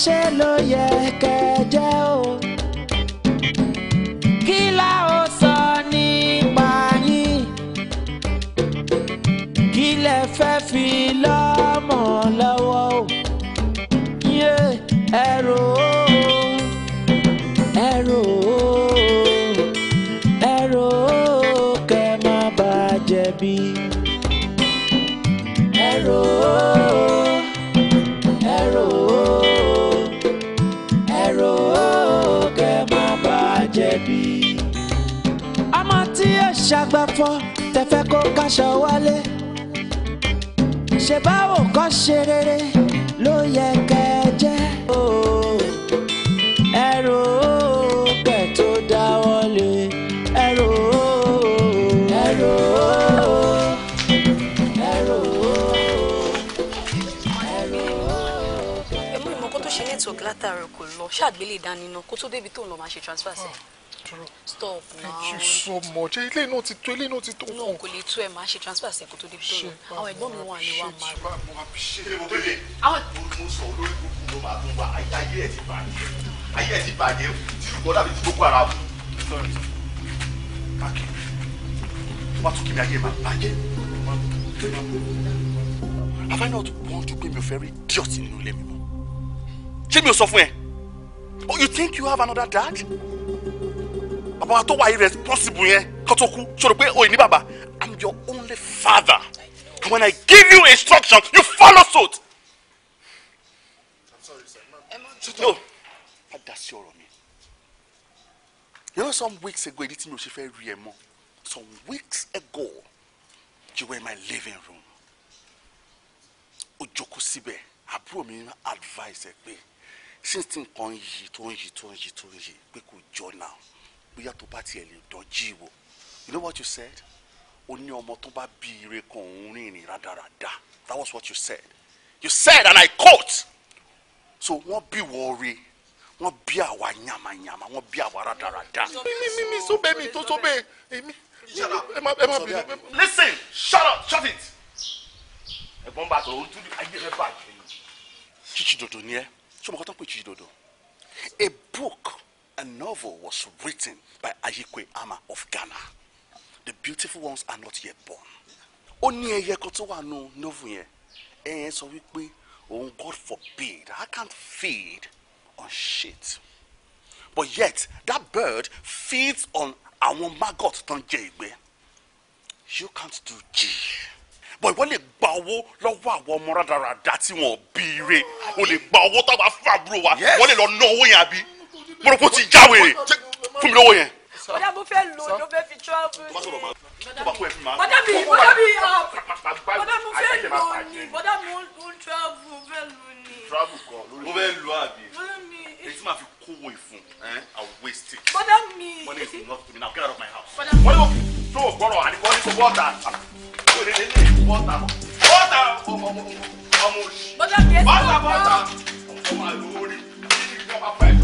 ṣe ló yẹ kẹjẹ ṣàgbàfọ́ tẹ̀fẹ́ kó kaṣọ wálé ṣe báwo kọ́ ṣe rere ló yẹ kẹ́ ẹ jẹ́ ẹrù kẹ̀ tó dáwọ́ lé ẹrù. látàárọ̀ kò lọ ṣàgbélé ìdániná kó tó débi tó ń lọ máa ṣe transfer sí stop now. thank you so much ilé iná ti tó ilé iná ti tó. no kò lè tó ẹ máa ṣe transfer sí ẹkọ tó dé tó àwọn ẹ̀gbọ́n mi wà ní wàá máa. ṣe báwo ṣe mo tó lè àwọn mo sọ olórí kúkú ló máa tún wá ayé ẹ ti bàjẹ́ ayé ẹ ti bàjẹ́ tí ìgbọ́ dàbí ti gbogbo ara mu. káàkiri wọn tún kí mi ayé máa bàjẹ́. have I not warned you pé mi ò fẹ́ rí idiot nínú ilé mi mọ́ ṣé mi ò sọ fún ẹ? Oh, you think you have another dad? bàbá wa tó wà irresponsible yẹn kó tó kú sọ̀rọ̀ pé òyìnbí bàbá i'm your only father and when i give you instructions you follow suit. no padà sí ọ̀rọ̀ mi you know some weeks ago èdè tí mi ò ṣe fẹ́ rí ẹ mọ́ some weeks ago you were in my living room ó jókòó síbẹ̀ àbúrò mi advice ẹ pé since nǹkan yìí tó ń yìí tó ń yìí tó ń yìí pé kò jọ náà bóyá tó bá tiẹ̀ lè dọ́jí wò you know what you said o ní ọmọ tó bá bí ire kan òun rìn rìn that was what you said you said and I caught. so wọ́n bí wọ́n rí wọ́n bí àwa yàmàyàmà wọ́n bí àwa rádaràda. mi mi mi sọ bẹ́ẹ̀ mi tó sọ bẹ́ẹ̀ èmi ẹ má ẹ má bínú. listen shut up shut it. ẹ̀gbọ́n bá tọrọ ojú ayé rẹ bàjẹ́. chichi dodo ni ẹ ṣé mo kọ́ tó ń chichi dodo a book a novel was written by Ayikwe Ama of Ghana. The beautiful ones are not yet born. Ó ní ẹyẹ kan tó wà nù novel yẹn. Ẹyẹ sọ wípé òun God forbid I can't feed on shit. But yet that bird feeds on àwọn maggot tó ń jẹ ìgbẹ́. You can't do G. But ìwọ lè gba owó lọ́wọ́ àwọn ọmọ rádaràda tí wọ́n bí ire. O lè gba owó tó bá fún àbúrò wa. Wọ́n lè lọ ná owó yẹn àbí mo rò pé ó ti já wèrè fún mi lówó yẹn. bọ́dà mo fẹ́ lò ló fẹ́ fi travel ni. bọ́dà mi bọ́dà mi ah. bọ́dà mo fẹ́ lò ni bọ́dà mo ń travel mo fẹ́ lò ni. mo fẹ́ lò àbí èyí tí màá fi kówó ìfún i waste it. bọ́dà mi. money is enough to me now get out of my house. wọ́n yóò tó gbọ́rọ̀ àdìgbò ní kò wọ́ọ̀tà wọ́ọ̀tà wọ́ọ̀tà ọmọ òṣì. bọ́dà mi ẹ sọ̀rọ̀ náà. bọ́ọ̀tà bọ́ọ̀tà ọmọ àlùwò rí kí ni ìjọba pẹ̀lú.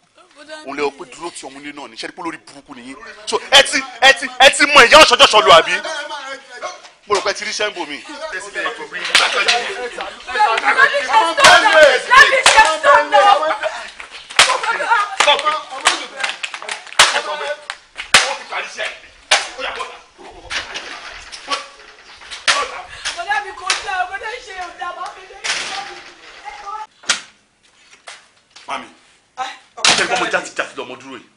òun lè pe dúró ti ọmọlé náà ní sẹ́ni pé lórí burúkú nìyí so ẹ ti ẹ ti ẹ ti mọ ìyá ọ̀ṣọ́jọ́ṣọ́ lu àbí mo rò pé ti rí sẹ́ńbò mi. Mami ṣe kọ́ mo jáde jáde lọ́mọ dúró yìí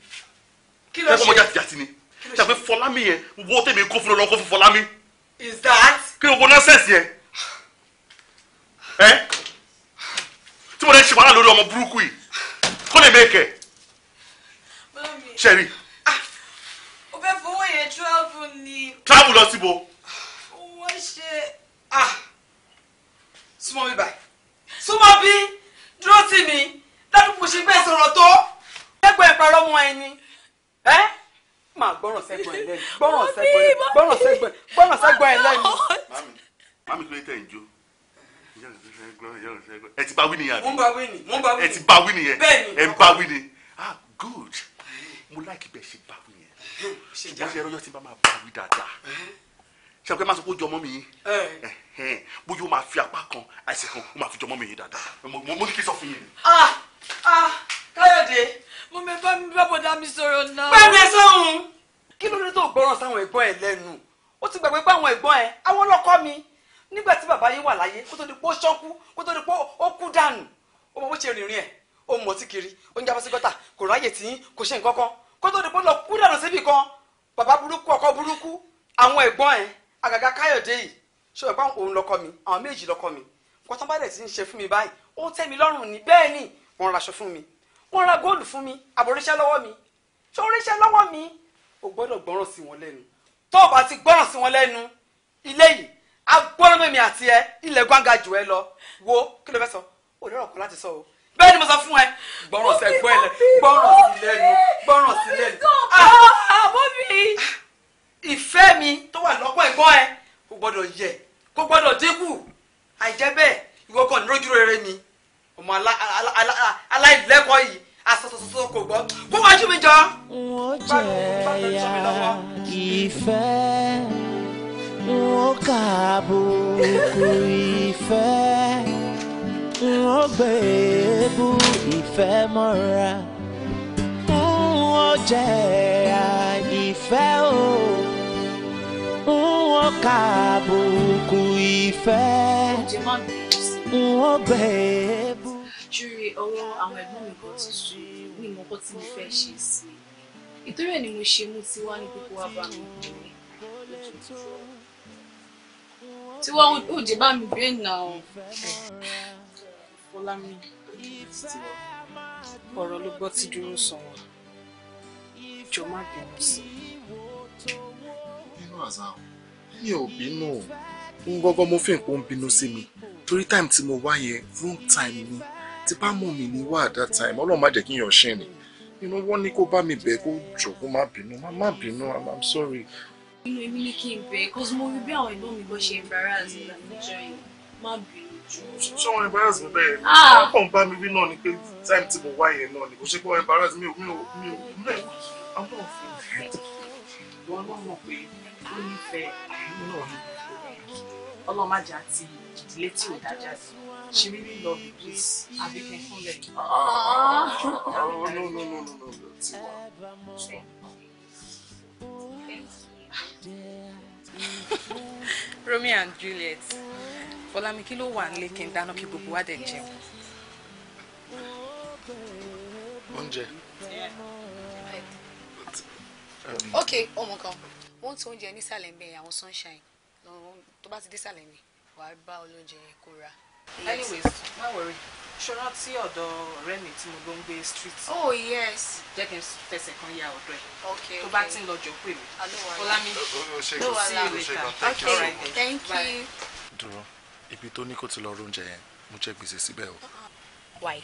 kí ló ṣe kọ́ mo jáde jáde ni ṣàpè fọlámi yẹn wo tèmi kó fún ọlọ́kọ́ fún fọlámi. is that. kí ló gbọ́ nọ́ọ̀sẹ̀sì yẹn ẹ tí mo lè ṣe wàhálà lórí ọmọ burúkú yìí kó lè mẹ́kẹ̀ ṣẹ̀rí. Ah, o fẹ́ fowó yẹn travel ni. travel lọ síbo. wọ́n ṣe ah, súnmọ́ mi báyìí súnmọ́ bí dúró sí mi lọ́dún mo ṣe bẹ́ẹ̀ sọ̀rọ̀ tó sẹ́gbọ̀n ẹ̀ parọ́ mọ́ ẹni ẹ́ máa gbọ́ràn sẹ́gbọ̀n ẹ̀ lẹ́nu gbọ́ràn sẹ́gbọ̀n ẹ̀ gbọ́ràn sẹ́gbọ̀n ẹ̀ gbọ́ràn sẹ́gbọ̀n ẹ̀ lẹ́nu. mami kí ló tẹ̀ ń jó ẹ ti bá wí nìyẹn àbí ẹ ti bá wí nìyẹn ẹ ń bá wí ni ah good mo láìkí bẹ́ẹ̀ ṣe bá wí yẹn ṣùgbọ́n ṣe ẹrọ́yọ́ ti bá máa bá wí dáadáa ṣe àpẹẹrẹ máa sọ pé ó jọ ọmọ mi yín bóyá ó máa fi apá kan àìsàn kan ó máa fi jọ mi yín dáadáa mo ní kí n sọ fún yín. ah ah káyọ̀dé mo mẹ bá mi bá bọ̀dá mi sọ̀rọ̀ náà. pẹ́ẹ́nẹ sọ́hun. kí ló dé tó gbọ́ràn sáwọn ẹ̀gbọ́n ẹ̀ lẹ́nu ó ti gbàgbé báwọn ẹ̀gbọ́n ẹ̀ àwọn ọlọ́kọ́ mi nígbà tí bàbá yín wà láyé kó tó di pé ó ṣọ́kú kó tó di pé ó kú dànù ó mọ bó ṣe rìnrìn ẹ̀ ó mọ̀ tí kiri ó ń jábọ́ sí gọ́tà kò ráyè tí kò ṣe nǹkan kan kó tó di pé ó lọ kú dànù síbì kan bàbá burúkú ọkọ burúkú àwọn ẹ̀gbọ́n ẹ̀ àgàgà káyọ̀dé yìí ṣé ẹ̀gbọ́n òun lọ́kọ mi àwọn méjì lọ́kọ mi kọ́tán bá dẹ̀ ti ń ṣe fún mi báyìí ó tẹ́ mi lọ́rùn ní bẹ́ẹ̀ ni wọ́n raṣọ fún mi wọ́n ra góòlù fún mi àbòríṣẹ́ lọ́wọ́ mi ṣé oríṣẹ́ lọ́wọ́ mi ò gbọ́dọ̀ gbọ́ràn sí wọn lẹ́nu tó o bá ti gbọ́ràn sí wọn lẹ́nu ilé yìí agbọ́ràn mẹ́mi àti ẹ ilẹ̀ gbọ́ngà jù ẹ lọ wo kí ló fẹ́ sọ ò lérò kan láti sọ o bẹ́ẹ̀ ni mo sọ fún ẹ gbọ́ràn sí ẹgbẹ́ ẹ gbọ́ràn sí lẹ́nu gbọ́ràn sí lẹ́nu. Ah! Ah, ah, ìfẹ́ mi tó wà lọ́pọ̀ ẹ̀gbọ́n ẹ kò gbọ́dọ̀ yẹ kò gbọ́dọ̀ dínkù àìjẹ́ bẹ́ẹ̀ ìwọ kan ní rójú rere mi ọmọ aláìlẹ́kọ̀ọ́ yìí asọ̀sọ̀sọ̀ kò gbọ́ kó wájú mi jọ. wọ́n jẹ̀yà ìfẹ́ wọ́n kà àbùkù ìfẹ́ wọ́n gbé ebú ìfẹ́ mọ́ra wọ́n jẹ̀yà ìfẹ́ o wọ́n kà àbùkù ìfẹ́ wọ́n gbé ebú júwe ọwọ́ àwọn ẹ̀gbọ́n mi kan tuntun ní ìmọ̀kọ́ tí mo fẹ́ ṣe sí i ìtorí ẹ̀ ni mo ṣe mú tiwa ní gbogbo wa bá mi bèrè tiwa ó jẹ bá mi bèrè náà fọlámi ọ̀rọ̀ ló gbọ́ tí dúró sọ jọ má bínú sí i. mi ò bínú ń gbọ́gbọ́ mo fi nǹkan bínú sí mi torí táìmù tí mo wá yẹn wrong time tí bá mọ̀ mí ní at that time ọlọ́run má jẹ́ kí n yàn ṣe ni inú wọn ní kó bá mi bẹ̀ kó jọ má bínú má bínú i'm sorry. inú èmi ni kí n bẹ̀ cos mo rí bí àwọn ìlú mi bọ́ ṣe embarrass mi níjọ yìí má bínú jù. ṣé wọn embarrass mi bẹ́ẹ̀ ni ah! wọn kàn bá mi rí náà ni pé time tí mo wá yẹn náà ni kò ṣe pé wọn embarrass mi ò mi ò mi ò mi ò àwọn náà fi hàn wọn náà mọ̀ pé ó nífẹ̀ẹ́ àìní náà ni ọlọ́màjà ti ìdílé tí ò dájà sí i. She love please. Abi can fún lẹ. Ah, no, no, no, no, no, no. Tiwa. Romeo and Juliet. Fọlámi kí ló wà nílé kí n dáná kí gbogbo wa dẹ̀ jẹun. Oúnjẹ. Um, ok, ọmọ kan, wọ́n ti oúnjẹ nísàlẹ̀ ń bẹ àwọn sunshine tó bá ti désàlẹ̀ mi, wàá bá olóúnjẹ kó ra anyways má worry ṣọ́nà tí ọ̀dọ̀ ọ̀rẹ́ mi tí mo ló ń gbé street. oh yes. jẹ́ kí n fẹsẹ̀ kan ya ọ̀dọ̀ ẹ̀. okay tó bá ti ń lọ jọ pé mi. ọlámi ló wà láàbù okay thank you. dúró ibi tó ní kó ti lọ róúnjẹ yẹn mo jẹ gbèsè síbẹ̀ o. why.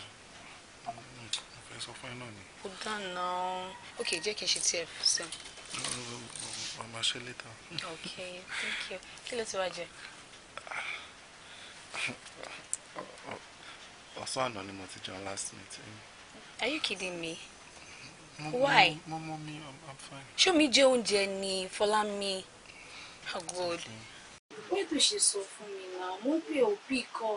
mo fẹ́ sọ fún ẹ náà ni. kò dáná ok jẹ́ kí n ṣe tiẹ̀ sẹ́n. ọmọ ṣe later. ok thank you kí ló ti wá jẹ. Ah ọ̀sán àná ni mo last night. Eh? are you kidding me? why? mo mọ mi i'm fine. ṣé mi jẹ oúnjẹ ni Fọlámi? oh god. mi tún ṣe sọ fún mi náà mo pè ó bí kọ́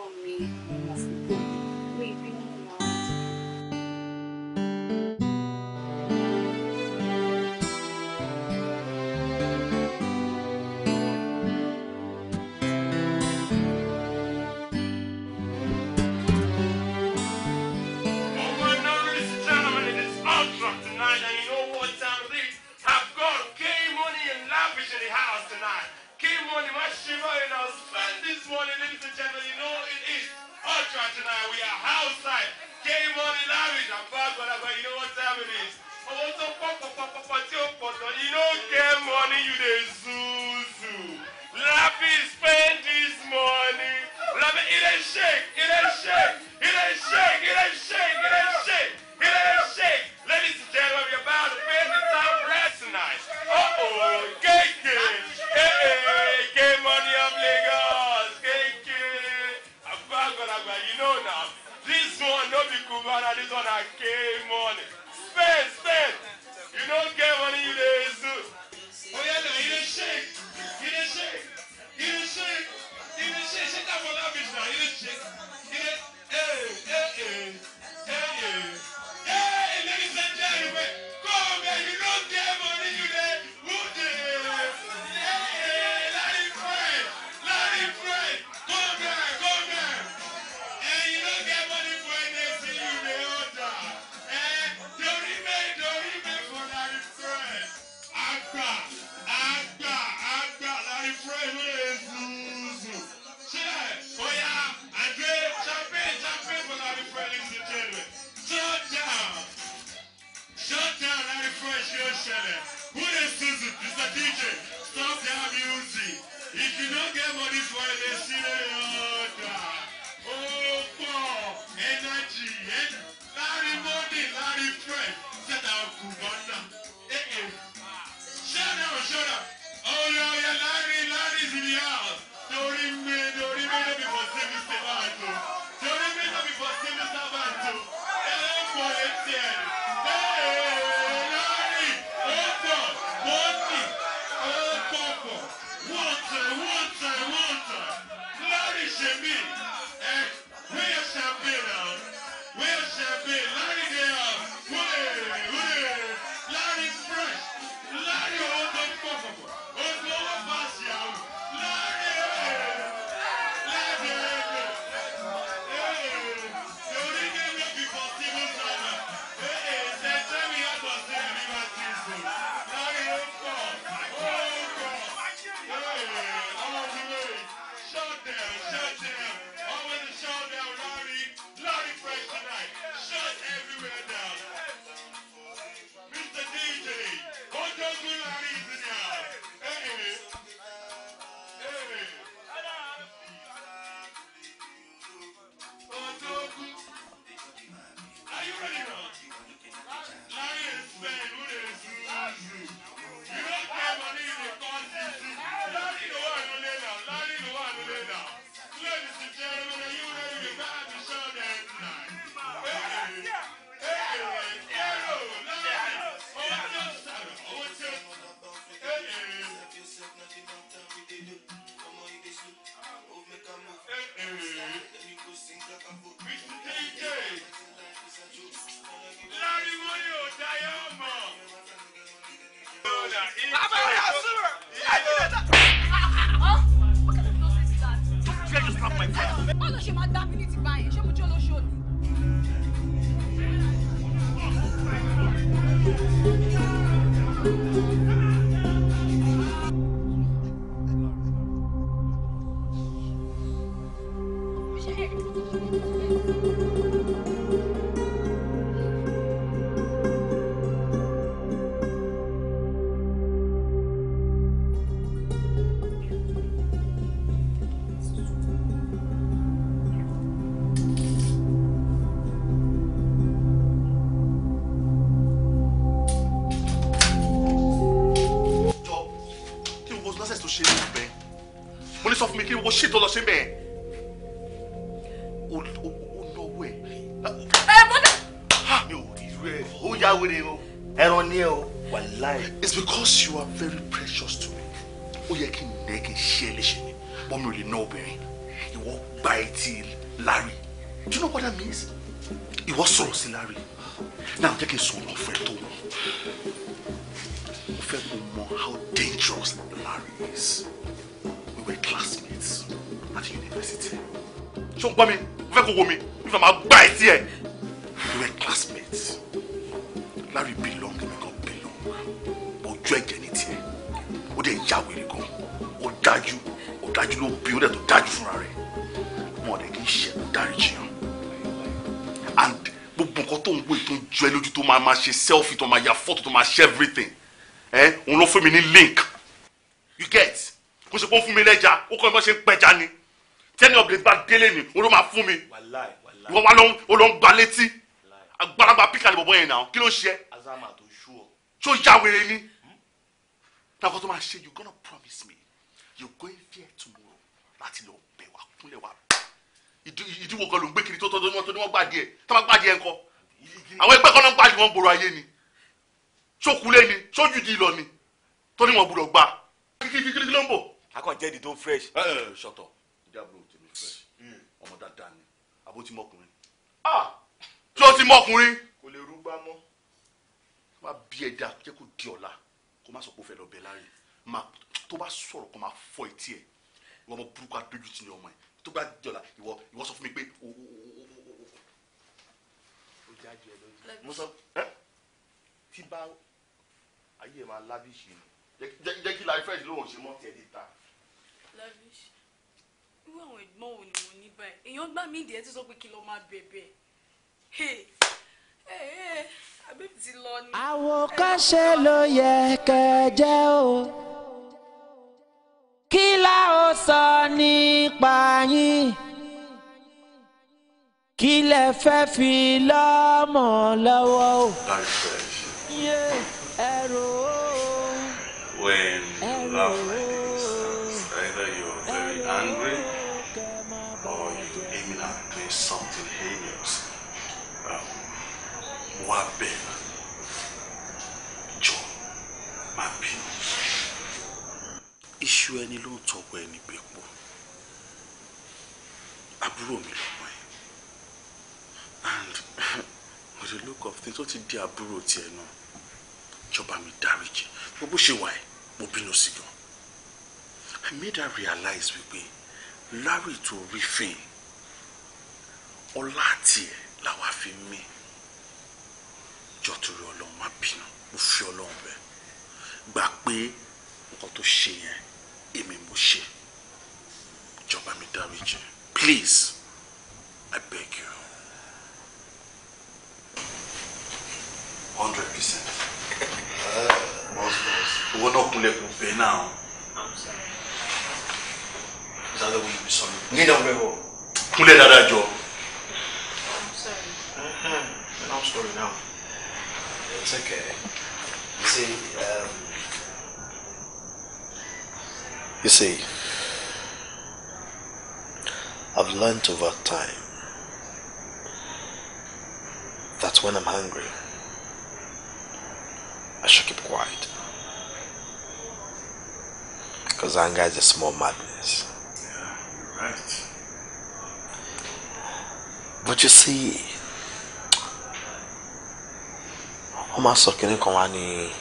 ṣì tó lọ sí bẹ́ẹ̀ ó ẹ̀. ẹ bọ́dà. mi ò rí irú ẹ ó yá o ẹran ní ẹ o wàláì. it's because you are very precious to me ó yẹ kí n nẹ́ kí n ṣe é léṣe ni bọ́n mi ò lè ná obìnrin ìwọ gba etí Larry do you know what that means ìwọ sọ̀rọ̀ sí Larry now jẹ́ kí n sọ̀rọ̀ ọ̀fẹ́ tó wọ́n mo fẹ́ kó how dangerous ṣó ń mi fẹ́ kó wo mi mo máa gbá ẹ̀ sí ẹ̀. you were classmates Larry belong mi kan belong ojú ẹ̀jẹ̀ ní tiẹ̀ ó dẹ̀ ya wèrè gan ó dájú ó dájú ló bí ó dẹ̀ tó dájú fúnra rẹ̀ mo dẹ̀ kì í ṣe dáríjì hàn and gbogbo nǹkan tó ń gbé tó ń jọ ẹ lójú tó máa máa ṣe selfie tó máa ya photo tó máa ṣe everything ẹ eh, òun ló fún mi ní link you get kó ṣe pé ó fún mi lẹ́jà ó kọ́ mi bá ṣe ń pẹja ni tẹ́ni ọ̀bìnrin bá délé ni olú máa fún mi ìwọ wa ló ń gba létí agbára píkà ni bọ̀bọ̀ yẹn náà kí ló ṣe tí ó yá wèrè ni náà kó tó máa ṣe you gonna promise me you going there tomorrow láti lọ bẹ̀ wá kúnlẹ̀ wá ìdíwọ̀ kan ló ń gbé kiri tó tọ́ tó ní wọ́n gbàdí ẹ̀ tó bá gbàdí ẹ̀ ńkọ́ àwọn ẹgbẹ́ kan náà ń gbàdí wọn gbòòrò ayé ni sókulé ni sójú di ìlọ ni tó ní wọn gbúdọ̀ gbà kíkíkí ló ń bọ̀. akọ̀ jẹ́ di tó fresh. ṣọ̀tọ̀ eh, eh, ọmọ dáadáa ni àbó ti mọkùnrin. Ah! ṣé o ti mọkùnrin. kò lè rúgbà mọ́. má bí ẹ dáa jẹ́ kó di ọ̀la kó má sọ pé ó fẹ́ lọ bẹ̀ láàyè tó bá sọ̀rọ̀ kó má fọ etí ẹ̀ ìwọ ọmọ burúkú adójú ti ní ọmọ ẹ̀ tó bá di ọ̀la ìwọ ìwọ sọ fún mi pé o o o o o o jẹ́ àjẹ́ lójú. mo sọ ẹ́ tí bá ayé ẹ̀ máa lábìsì ni jẹ́ kí láì fẹ́ẹ́ lóhùn ṣe mọ́ tiẹ̀ dé ta. lábìsì irú àwọn ẹ̀gbọ́n wo ni mo ní báyìí èèyàn gbá mí ìdíyẹ tí sọ pé kí lọ máa bẹ̀bẹ̀ àbẹ́bí ti lọ ni. àwòkọ́ṣe ló yẹ kẹjẹ o kí la ó sọ nípa yín kí lẹ fẹ́ fi lọ́mọ lọ́wọ́ o. ẹrù o. when you wá jọ má bínú. iṣu ẹni ló ń tọwọ́ ẹni bẹ̀pọ̀ àbúrò mi lọ́mọ ẹ̀ and with the look of things ó ti di àbúrò tiẹ̀ náà jọba mi dáríjì gbogbo ṣe wà ẹ́ mo bínú sí gan I made her realize wípé Larry to rí fìn ọlá tiẹ̀ làwa fi mí jọ torí ọlọ́run má bínú mo fi ọlọ́run bẹ̀ gbà pé nǹkan tó ṣe yẹn èmi mo ṣe ìjọba mi dáríjì please I beg you. hundred percent. owó náà kúnlẹ̀kùn bẹ́ẹ̀ náà. Is that the way you saw me? Need a waiver. Kúnlẹ̀ dáadáa jọ. I'm sorry. Uh-huh. I'm sorry now. It's okay. You see, um, you see, I've learned over time that when I'm hungry, I should keep quiet. Because anger is a small madness. Yeah, you're right. But you see, má sọ kínní kan wá ní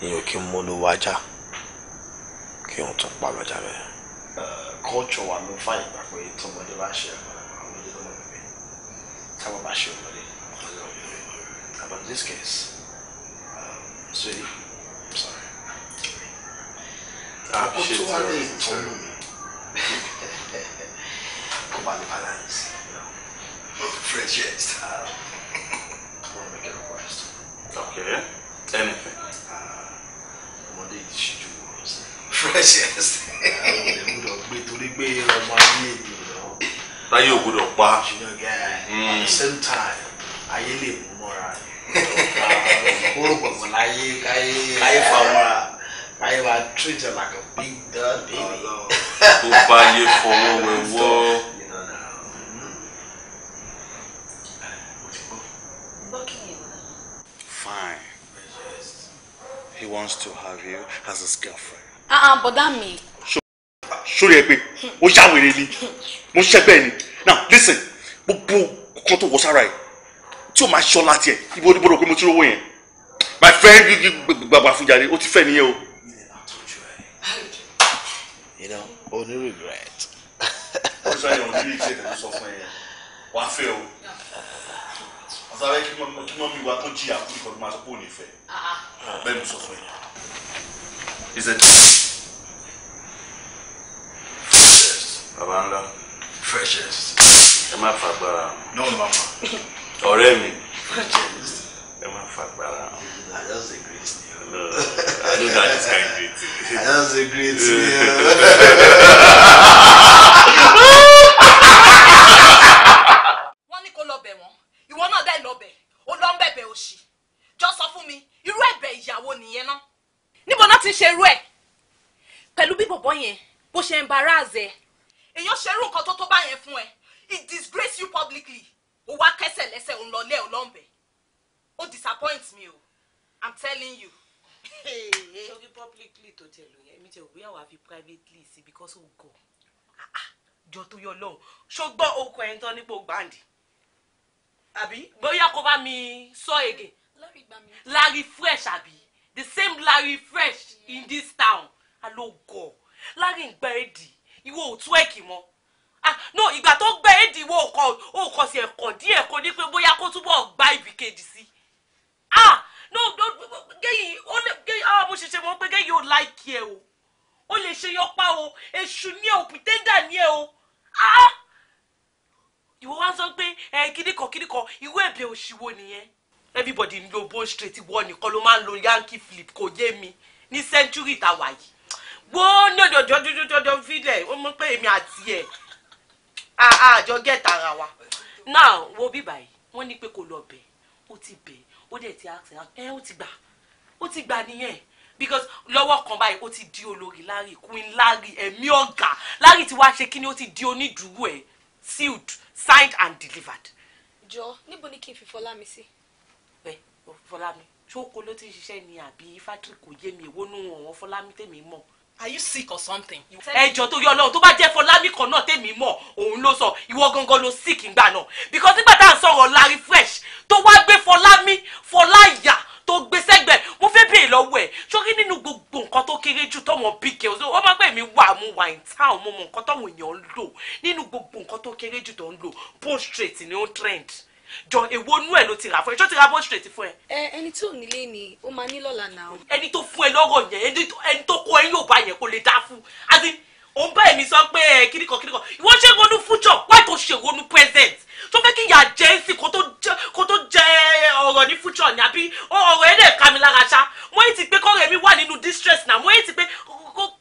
ìyàn kí n mú ló wájà kí n tún pa lọ́jà bẹ́ẹ̀. culture wa ló fàyè gbà pé tọmọdé bá ṣe àwọn ọmọdé ló mọ̀ pé táwa bá ṣe ọmọdé ọmọdé ọmọdé about this case um, sweetie I'm sorry. I appreciate your concern. Come on, balance. You know, fresh, yes. Um, ẹnìfẹ. Ah, ọmọdé yìí ṣíjú wọ̀rọ̀ sí. fresh yes. àwọn ọmọdé gbọ́dọ̀ gbé torí gbé ọmọ ayé èdè lọ. láyé ò gbọ́dọ̀ pa. junior guy at the hmm. same time ayé lè mú mọ́ra kóró gbọ̀gbọ̀ láyé káyé káyé fa mọ́ra káyé wa treat you like a big dog baby. tó bá yẹ fọwọ́ wẹ̀ wọ́. wants to have you as his girlfriend. ah uh ah, that mi. sórí ẹ pé We shall ni mo We shall be. now listen gbogbo kan tó wọ sára ẹ tí o máa ṣọ́ láti ẹ ibo ni bọ́dọ̀ pé mo ti rówó my friend gbàgbà fún jàre ó ti fẹ́ nìyẹn o. you know Only regret. ó sọ yẹn o ní ìṣe ìtẹ̀sọ́ fún sábà kí wọ́n mi wá tó jìyà fún ìkọ́ni sọ pé òun ìfẹ́ ah, ah. bẹ́ẹ̀ ni sọ fún yẹn. ìṣe tí. baba ńlá. freshest. ẹ má fagbára. no mama. ọ̀rẹ́ mi. freshest. ẹ má fagbára. I just agree with you. No, I know that is kind of great. I just agree with you. ti ń ṣerú ẹ̀ pẹ̀lú bí bọ̀bọ̀ yẹn bó ṣe ń bara àzẹ èèyàn ṣerú nǹkan tó tó bá yẹn fún ẹ it disgrace you publicly ó wá kẹsẹ̀ lẹ́sẹ̀ òun lọ lé ẹ̀ lọ́nbẹ̀ ó disappoint me o i'm telling you. sọ́kí publicly tó tẹ̀ lóyún ẹ̀mí tẹ̀ òbí àwọn àfi privately sí because ó gọ̀ ah, ah. jọ tó yọ lọ́hùn ṣùgbọ́n okùn ẹ̀ ń tán nípò gbàǹdì àbí bóyá kó bá mi sọ èdè lárí fresh àbí the same Larry fresh in this town alógo Larry ń gbẹ èdì ìwọ ò tú ẹ̀kì mọ́ ah no ìgbà tó gbẹ èdì ìwọ ò kọ ò kọ sí ẹ̀kọ́ díẹ̀ kó ní pé bóyá kó túbọ̀ gba ibì kejì sí ah no no gẹ́yìn ó lè gẹ́yìn ah mo ṣẹ̀ṣẹ̀ mọ̀ pé gẹ́yìn ò láìkí ẹ o ó lè ṣe yọpá o èṣù ní ẹ o pìtẹ́ndà ní ẹ o ah ìwọ wá sọ pé ẹ eh, kíníkan kíníkan ìwé ẹ̀bẹ̀ òṣìwò nìyẹn everybody ń lo bone straight wọ nìkan ló máa ń lo yankee flip kò yé mi ní century tàwa yìí wo ní ọjọjọ jọjọjọ fílẹ ó mọ pé èmi àti ẹ àjọ gẹta ara wa now wo bí báyìí wọ́n ní pé kò lọ bẹ̀ ó ti bẹ̀ ó dẹ̀ ti àṣẹ ẹ ó ti gbà ó ti gbà nìyẹn because lọ́wọ́ kan báyìí ó ti di olórí Larry queen Larry ẹ̀mí ọ̀gá Larry ti wá ṣe kí ni ó ti di onídùúró ẹ̀ sealed signed and delivered. jọ níbo ni kí n fi Fọlá mi sí fọlámi ṣókò ló ti ń ni àbí fátírì kò yé mi ìwọ́nú ọ̀wọ́n fọlámi tèmi mọ̀. are you sick or something. ẹjọ tó yọ Ọlọ́run tó bá jẹ́ fọlámi kan náà tèmi mọ̀ òun ló sọ ìwọ gangan ló sick ngbà náà because nígbà tá à ń sọ̀rọ̀ larry fresh tó wá gbé fọlámi fọláyà tó gbé sẹ́gbẹ̀ mo fẹ́ bèèrè lọ́wọ́ ẹ̀ sórí nínú gbogbo nǹkan tó kéré jù tọ́mọ big girls ó má pè mí wà mo wà in town mo mọ nǹkan tọ́mọ èèyàn ń lò nínú gbogbo nǹkan tó kéré jù tó ń lò post straight ni ó trend jọ èwo nú ẹ ló ti rà fún ẹ ṣó ti ra bó straight fún ẹ. ẹ ẹni tí ò nílé ni ó máa ní lọ́la náà. ẹni tó fún ẹ lọ́rọ̀ yẹn ẹni tó kọ ẹ yóò bá yẹn kó lè dá fún àti òun bá èmi sọ pé ẹ kíríkọ kíríkọ ìwọ ṣe ronú future why tó ṣe ronú present tó fẹ́ kí ìyá jẹ́ sí kó tó jẹ ọ̀rọ̀ ní future ni àbí ọ̀rọ̀ ẹ̀ dẹ̀ ká mi lára ṣá mo yìí ti pé kọ́rẹ́ mi wà nínú distress náà mo yìí ti pé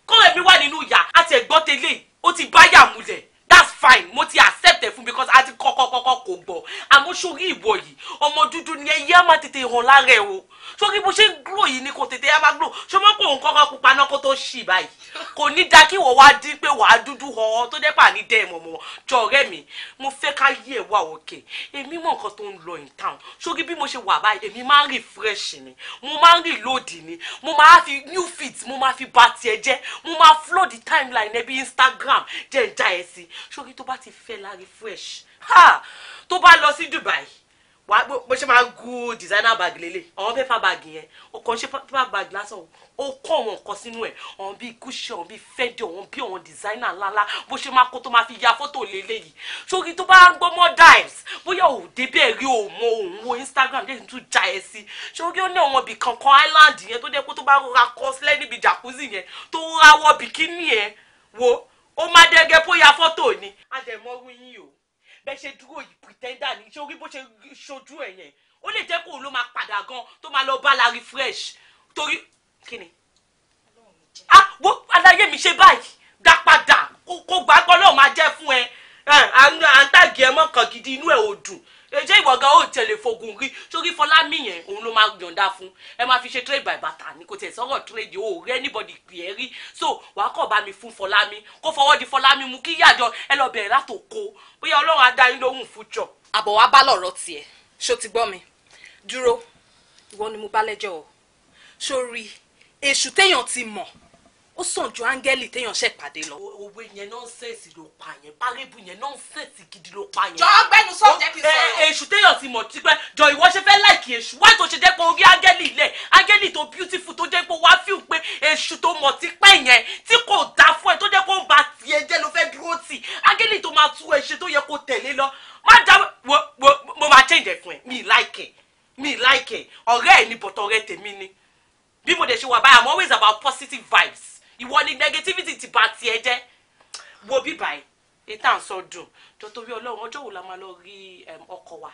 kọ́rẹ́ mi wà nínú ìyà àti ẹ̀gbọ́n tẹ́lẹ̀ ó ti bá yà múlẹ̀ that's fine mo ti accept ẹ fún because a ti kọ́kọ́kọ́kọ́ kò gbọ́ àmọ́ sórí ìwọ yìí ọmọ dúdú ni ẹyẹ á máa tètè hàn lára ẹ o sórí bó ṣe ń glow yìí ni kò tètè á máa glow ṣé mọ́ kó òun kọ́kọ́ pupa náà kó tó ṣì báyìí kò ní da kí wọ́n wá dín pé wàá dúdú họ tó dẹ́ ní dẹ́ mọ̀mọ́ jọ ọ̀rẹ́ mi mo fẹ́ ká yí ẹ̀ wá òkè èmi mọ̀ nǹkan tó ń lọ in town sórí bí mo ṣe wà báyìí èmi máa ń refresh ni mo máa ń reload ni mo máa fi new fit mo máa fi ba tiẹ̀ jẹ́ mo máa flood timeline ẹbí Instagram jẹ́ ìjà ẹ̀ sí sórí torí tó bá ti fẹ́ la refresh ha tó bá lọ sí Dubai wà á bó ṣe máa gu designer bag lélẹ̀ àwọn paper bag yẹn ọkàn ṣe paper bag lásán ó kọ́ àwọn nǹkan sínú ẹ̀ àwọn bíi Gucci àwọn bíi Fendi àwọn bíi àwọn designer ńláńlá bó ṣe máa kó tó máa fi ya fọ́tò lélẹ̀ yìí sórí tó bá ń gbọ́ mọ́ dives bóyá ò débẹ̀ rí ò òun wo Instagram jẹ́ tún ja ẹ sí sórí ó ní àwọn ibì kankan island yẹn tó dẹ́ kó tó bá rọra kọ́ sílẹ̀ níbi jacuzzi yẹn tó rọra bikini yẹn wo ó má dẹ́gẹ́ bóyá fọ́tò ni. a dẹ̀ mọ wí yín o bẹ́ẹ̀ ṣe dúró yìí pretender ni ṣé orí bó ṣe ṣojú ẹ̀ yẹn ó lè jẹ́ kó ló máa padà gan tó máa lọ bá la refresh torí kí ni. wo aláyé mi ṣe báyìí dá padà kó gbàgbọ́ lọ́ọ̀ máa jẹ́ fún ẹ à ń tàgé ẹ mọ́ kàn gidi inú ẹ̀ ò dùn ẹjẹ́ ìwọ gan ó tẹ̀lé fogun rí sórí fọlámì yẹn òun ló máa yọ̀ǹda fún ẹ máa fi ṣe trade by bàtà ni kò tẹ̀ sọ̀rọ̀ trade o rí anybody pè rí so wàá kọ̀ bá mi fún fọlámì kó fọwọ́ di fọlámì mú kí yàjọ ẹ lọ bẹ̀rẹ̀ látòkó bóyá ọlọ́run á dá yín lóhùn fújọ. àbọ̀ wá bá lọ̀rọ̀ tiẹ̀ ṣó ti gbọ́ mi dúró ìwọ ni mo bá lẹ́jọ́ o sórí èṣù téèyàn ti mọ̀ ó sàn ju áńgẹ́lì téèyàn ṣẹ̀ pàdé lọ. òwe yẹn nọ́ńsẹ̀sì ló pa yẹn pálébù yẹn nọ́ńsẹ̀sì gidi ló pa yẹn. jọ ọgbẹni sọ jẹ kí n sọ̀rọ̀. Eh, èṣù téèyàn ti mọ̀ tí jọ ìwọ ṣe fẹ́ láìkì èṣù wáyé tó ṣe jẹ́ pé orí áńgẹ́lì ilẹ̀ áńgẹ́lì tó beautiful tó jẹ́ pé wá fíù pé èṣù tó mọ̀ tí pẹ́ yẹn tí kò dá fún ẹ tó jẹ́ pé ó ń ba tiẹ̀ jẹ́ ló fẹ́ dúró tì áńgẹ́lì tó máa tú ẹṣẹ tó yẹ kó tẹ̀lé lọ má change ẹ̀ fún ẹ like ẹ mi like ẹ ọ̀rẹ́ ẹ ni bọ̀tọ̀ ọ̀rẹ́ tèmi ni bí mo dẹ̀ i'm always about positive vibes ìwọ ni negativity ti bà tiẹ̀ jẹ́ wo bí báyìí ètà ń sọ dùn jọ torí ọlọ́run ọjọ́ wo la máa lọ rí ọkọ wa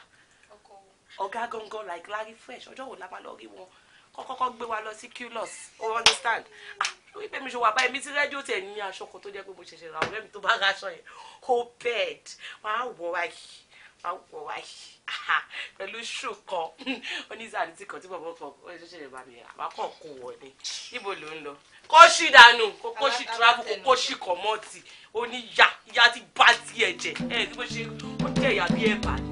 ọ̀gá gangan like larry fresh ọjọ́ wo la máa lọ rí wọn kọ́kọ́kọ́ gbé wa lọ sí qlos o understand ah lórí pé mi ṣe wà báyìí mi ti rẹ́díò tẹ̀ ní aṣọ kan tó jẹ́ pé mo ṣẹ̀ṣẹ̀ ra ọ̀rẹ́ mi tó bá ra aṣọ yẹn ó bẹ́ẹ̀d máa wọ̀ wáyìí máa wọ̀ wáyìí pẹ̀lú ṣù kan oníṣàdìtì kan tí bọ̀bọ̀ kan ó ṣẹ̀ṣẹ̀ bá mi rà máa kàn kó wọ̀ ni níbo ló ń lọ kó sì dànù kó kó sì travel kó kó sì ó ní ya ya ti bá tiẹ̀ jẹ ẹ̀ tí mo ṣe ó jẹ́ ìyá bí ẹ̀ bá ní.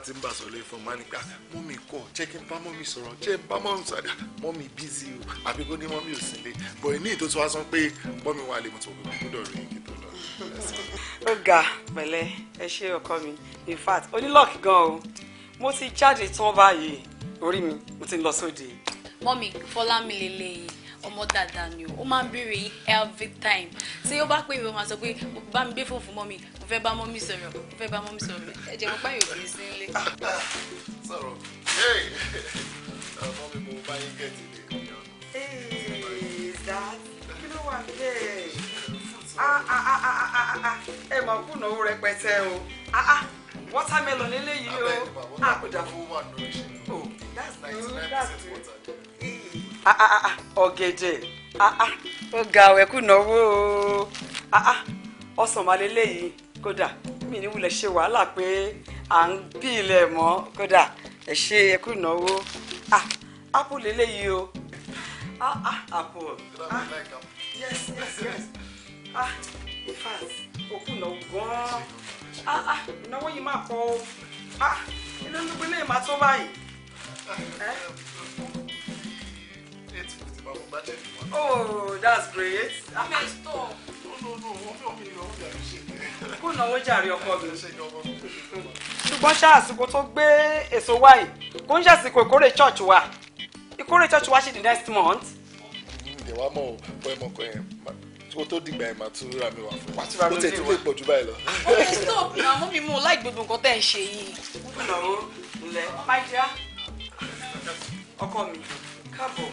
ti ń bà sọ lórí fún mani gbà mọ́mì kọ̀ jẹ́ kí n bá mọ́mì sọ̀rọ̀ jẹ́ n bá mọ́mì sọ̀rọ̀ mọ́mì bízí o àbí kó ní mọ́mì ò sí lé bọ̀ ní ìtòtú wa sọ pé mọ́mì wà lè mú tó kó dọ̀ rí kí tó lọ. ó ga pẹ̀lẹ́ ẹ ṣe ọkọ mi in fact onílọ́ọ̀kì gan o mo ti jáde tán báyìí orí mi mo ti lọ sóde. mọ́mì fọlá mi lè lè yìí ọmọ dáadáa ni o ó máa ń béèrè yín every time ṣé ó bá pè mí ó máa sọ pé mo bá mi gbé fóònù fún mọ́mì mo fẹ́ bá mọ́mì sọ̀rọ̀ mo fẹ́ bá mọ́mì sọ̀rọ̀ ẹ jẹ́ mo pa yòókù yìí sí nílé. sọ̀rọ̀ hey ọmọ mi mo bá yín gẹ̀ẹ́tì lè kọ́ ee dad kí ló wà bẹ́ẹ̀ ẹ mọ̀ kùnà owó rẹpẹtẹ o watermelon eléyìí o. abẹ́ẹ̀ bàbá wọn náà kọjá fún one nation. oh that's good that's good. Ah, ah, ah, ọ̀gẹ̀dẹ̀ ó ga ẹ̀kú náwó ọ̀sán máa lélẹ́yìí kódà mi ní wulẹ̀ ṣe wàhálà pé à ń bí ilẹ̀ mọ́ kódà ẹ̀ ṣe ẹ̀kú náwó ápù lélẹ́yìí o apu. yes yes yes in fact òkú náwó gan-an ìnáwó yìí máa pọ̀ o inú gbogbo ilé ìmọ̀ tó báyìí. Eh? oh that's great. Ah. mi ò no no no wọ́n fẹ́ omi ìnáwó jàre ṣe. kó náwó jàre ọkọ mi. ṣùgbọ́n ṣá àsìkò tó gbé èso wá yìí kò ń ṣàsìkò ìkórè church wa ìkórè church wa ṣì di next month. ǹjẹ́ wàá mọ̀ ọ́ ẹ mọ̀ kọ́ ẹ̀ kó tó dìgbà ẹ̀ máa tún ra mi wà fún wa ó tẹ̀ tún lè pọ̀ jù báyìí lọ. omi stop na mú mi mú Like, láì gbogbo nǹkan tẹ̀ ń ṣe yìí. ó kùnà ó lẹ̀ máa jẹ́ ọkọ mi káàbọ̀.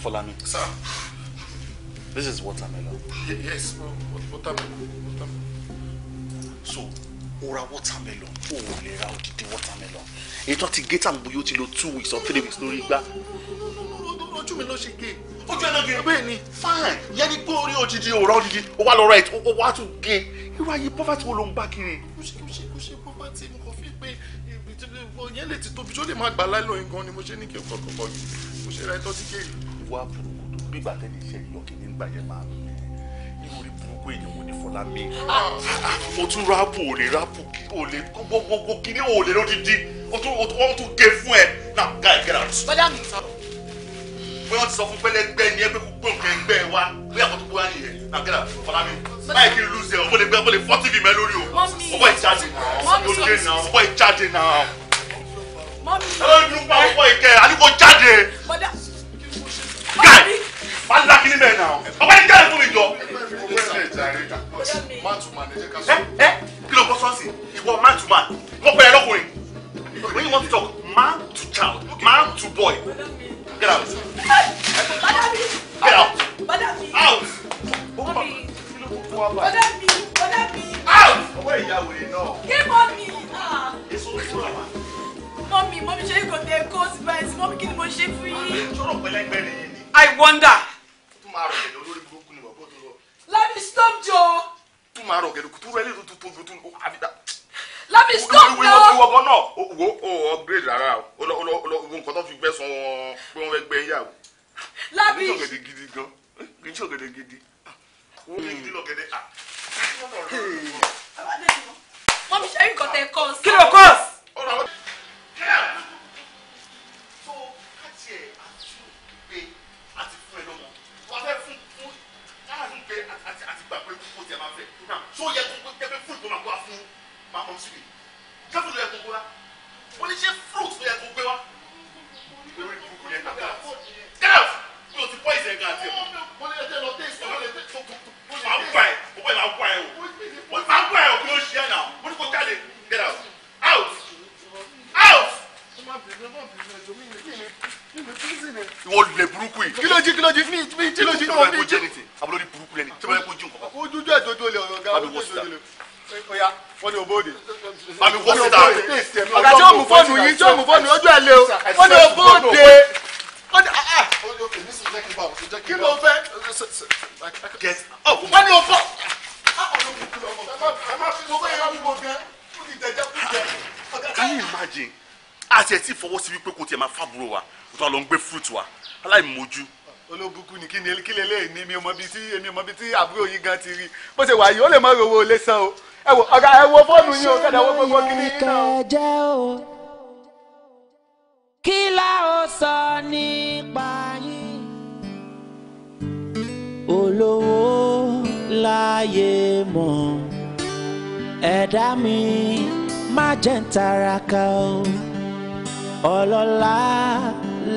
Follow me. Sir. This is watermelon. Yes, watermelon. watermelon. So, ora watermelon, ó lè ra odidi watermelon. Èyí tó ti gé tàn bóyá ó two weeks or three weeks no igbá. No, no, no, no, no, no. ẹ̀nà gèrè bẹ́ẹ̀ ni. Fine. Yẹ́n ni pé orí odidi ò ra odidi, ó wá lọ rẹ̀ ó wá tún gé. Irú ayé poverty wo ló ń bá kiri? Mo ṣe mo ṣe mo ṣe poverty mo kàn fi pé ìyẹn lè ti tóbi tó lè máa gbà láìlóyìn gan ni mo ṣe ní kí n kọ́kọ́ kọ́ yìí mo ṣe ra ẹtọ́ sí kéèlì. ìwà burúkú tó gbígbà tẹ́lẹ̀ iṣẹ́ yìí ọ̀kìnrin nígbà yẹn máa ń irú orí burúkú èèyàn wo ni fọlá mi. o tún ráàpù ò lè ráàpù gbogbogbò kíní ò lódìdí o tún gé fún ẹ now guy get out. bọ́dà mi sọ̀rọ̀. bóyá wọ́n ti sọ fún pẹ́lẹ́gbẹ́ ni ẹgbẹ́ gbogbo nǹkan ẹgbẹ́ wa bóyá àkọ́tún bóyá nìyẹn now get out fọlá mi. báyìí kí n lose ẹ o mo lè gbẹ mo lè fọ́ tv mẹ́ lórí o. mọ́mí mọ́mí sọ̀rọ̀ ẹlọ́run dùn pa ọkọ ìkẹ́ àdúgbò jáde. guy má ní lákìní bẹ́ẹ̀ náà ọba ní jáde fún mi jọ. ẹ ẹ kí ló bọ́ sọ́ọ̀sì ìwọ man to man wọ́n pẹ́ ẹ lọ́kùnrin when you want to talk man to child man to boy get out. Badami. Get out. Badami. Out. Badami. Badami. Out. Ọwọ́ ìyàwó yìí náà. Kébọ̀ mi. Ah. Èso ń sọ̀rọ̀ wa mọ́mí mọ́mí ṣe é kò tẹ kó spice mọ́mí kí ni mo ṣe fún yín. sọ̀rọ̀ pẹ́lẹ́gbẹ́ nìyẹn ni. I wonder. tó máa rọ̀ gẹ̀dẹ̀ olórí burúkú ni bàbá tó lọ. Lami stop jọ. tó máa rọ̀ gẹ̀dẹ̀ kùtù rẹ̀ lè tó tó tó tó àbídá. Lami stop jọ. ìwọ gan náà wo o upgrade rárá o lọ lọ lọ wo nǹkan tó fi gbẹ san wọn pé wọn fẹ́ gbẹ yà o. Lami. kì í ṣògèdè gidi gan kì í ṣògèdè gidi. wọ́n ní gidi lọ gẹ̀dẹ̀ ah. mọ́mí ṣe é kò tẹ kọ́ sí. kí ló kọ́ sí. ni èmi ò mọ ibi tí èmi ò mọ ibi tí àbúrò yìí gan ti rí bó ṣe wà yìí ó lè mọ rówó lé san o ẹ wò ọ̀gá ẹ wo fóònù yín o kẹ́dà owó gbogbo kìíní yín náà. kí la ó sọ nípa yín olówó láyé mọ́ ẹ̀dá mi má jẹ́ ń taraka o ọlọ́lá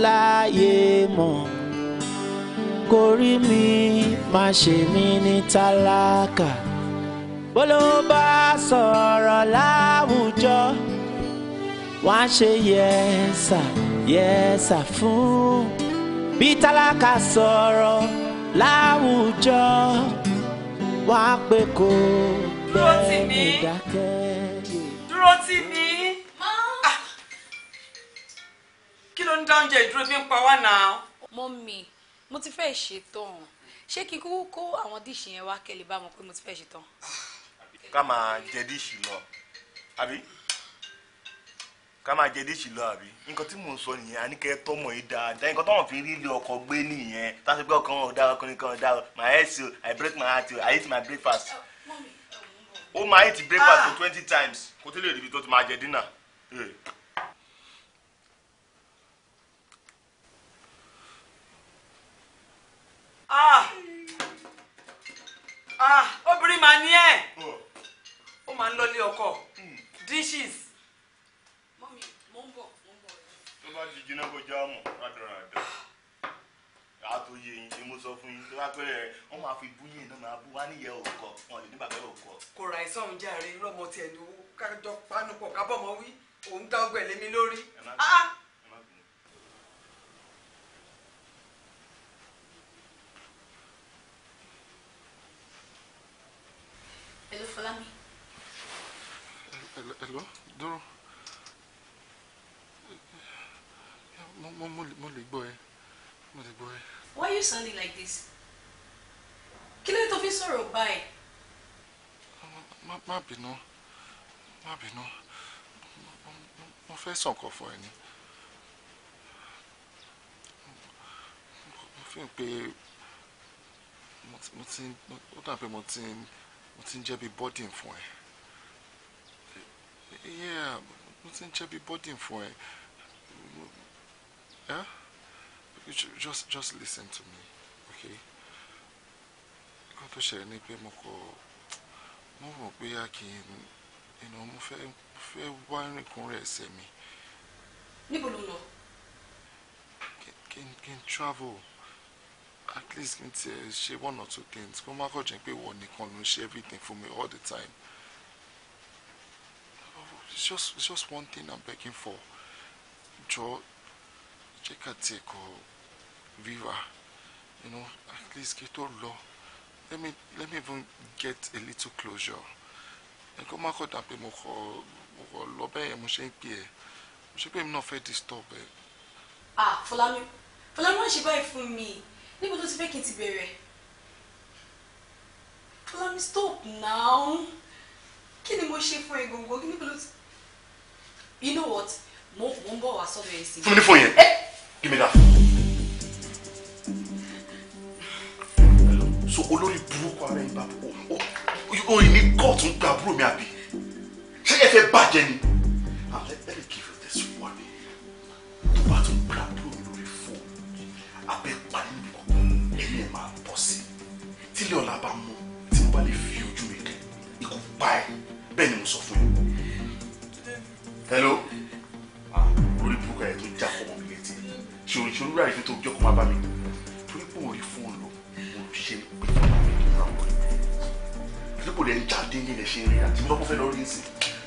láyé mọ́ korí mi má ṣe mí ní tálákà bólówó bá sọ̀rọ̀ láwùjọ wọ́n á ṣe yẹ́sà yẹ́sà fún bí tálákà sọ̀rọ̀ láwùjọ wọ́n á pé kó bẹ́ẹ̀ ní dúró tì mí ah. kí ló ń dá oúnjẹ ìdúró bí ń pa wá náà. mọ́mì mo ti fẹ́ ṣetán ṣé kí n kúkú kó àwọn díìṣì yẹn wá kẹ́lẹ́ bá mọ̀ pé mo ti fẹ́ ṣetán. ká máa jẹ díìṣì lọ àbí ká máa jẹ díìṣì lọ àbí nǹkan tí mò ń sọ nìyẹn àníkẹ́ tọmọ yìí dáadáa nǹkan táwọn fi rí ilé ọkọ gbé nìyẹn táwọn gbé ọkàn wọn ọkùnrin kan dáa my head so i break my heart i eat my breakfast ó máa eat breakfast for twenty times kó tó lè ríbi tó ti máa jẹ dinner. Ah! ah! obìnrin ma ní ẹ O ma ń ọkọ hmm. dishes. Mommy, mo ń bọ̀ mo ń bọ̀. tó bá ti jiná Ya jáàmù rádaràdà mo sọ fún yín tó bá pẹ́ rẹ̀ fi búyìn náà máa bú wá níyẹ̀ wọn lè ní owó Sunday like this? Kill it of his sorrow. Bye. Má no. bínú, no. bínú, mo fẹ́ sàn kan fún ẹ ni. Mo fi hàn pé mo ti ó dà pé mo Yeah, mo ti ń jẹ́ for bọ́dìn Yeah? you should just just listen to me okay nǹkan tó ṣẹlẹ̀ ni pé mo kọ mo rò pé a kì í ìnà mo fẹ́ mo fẹ́ wá nìkan rẹ̀ ẹsẹ̀ mi. níbo ló ń lọ. kí n kí n travel at least kí n tiẹ̀ ṣe one or two things kó má kọ̀ jẹ́ pé ìwọ nìkan ló ń ṣe everything for me all the time. It's just, it's just one thing I'm begging for. Joe, check out tiẹ̀ kọ́. Viva, you know, at least get to law. Let me let me even get a little closure. And come out and pay more lọ bẹ́ẹ̀ mo ṣe ń pè ẹ́ mo ṣe pé mi náà fẹ́ disturb ẹ. ah Fọlámi Fọlámi wọn me. báyìí fún mi níbo ló ti fẹ́ kí n ti bẹ̀rẹ̀ Fọlámi stop now Can you mo ṣe fún ẹ gbogbo níbo ló ti you know what mo mo ń bọ̀ wá sọ́dọ̀ ẹ̀ sí. fún eh! give me that. olórí burúkú ara ìbá òyìn ní kóòtù ń gba àbúrò mi àbí ṣé ẹ fẹ́ bàjẹ́ ni ah, let me give you this warning tó bá tún gba àbúrò mi lórí fóònù abẹ́ parí mi kọ́kọ́ ẹ̀mí ẹ̀ máa bọ̀ sí i ọ̀la bá mú tí mo bá lè fi ojú mi kẹ́ ikú pa ẹ̀ bẹ́ẹ̀ ni mo sọ fún yín. hello ah, olórí burúkú ẹ̀ tó já kọ́ mi létí ṣòro ìṣòro rà ìfẹ́ tó jọ́kọ́ má bá mi. bò lẹ ń jáde ní ilẹ̀ ṣe rí àti bí fẹ́ lọ rí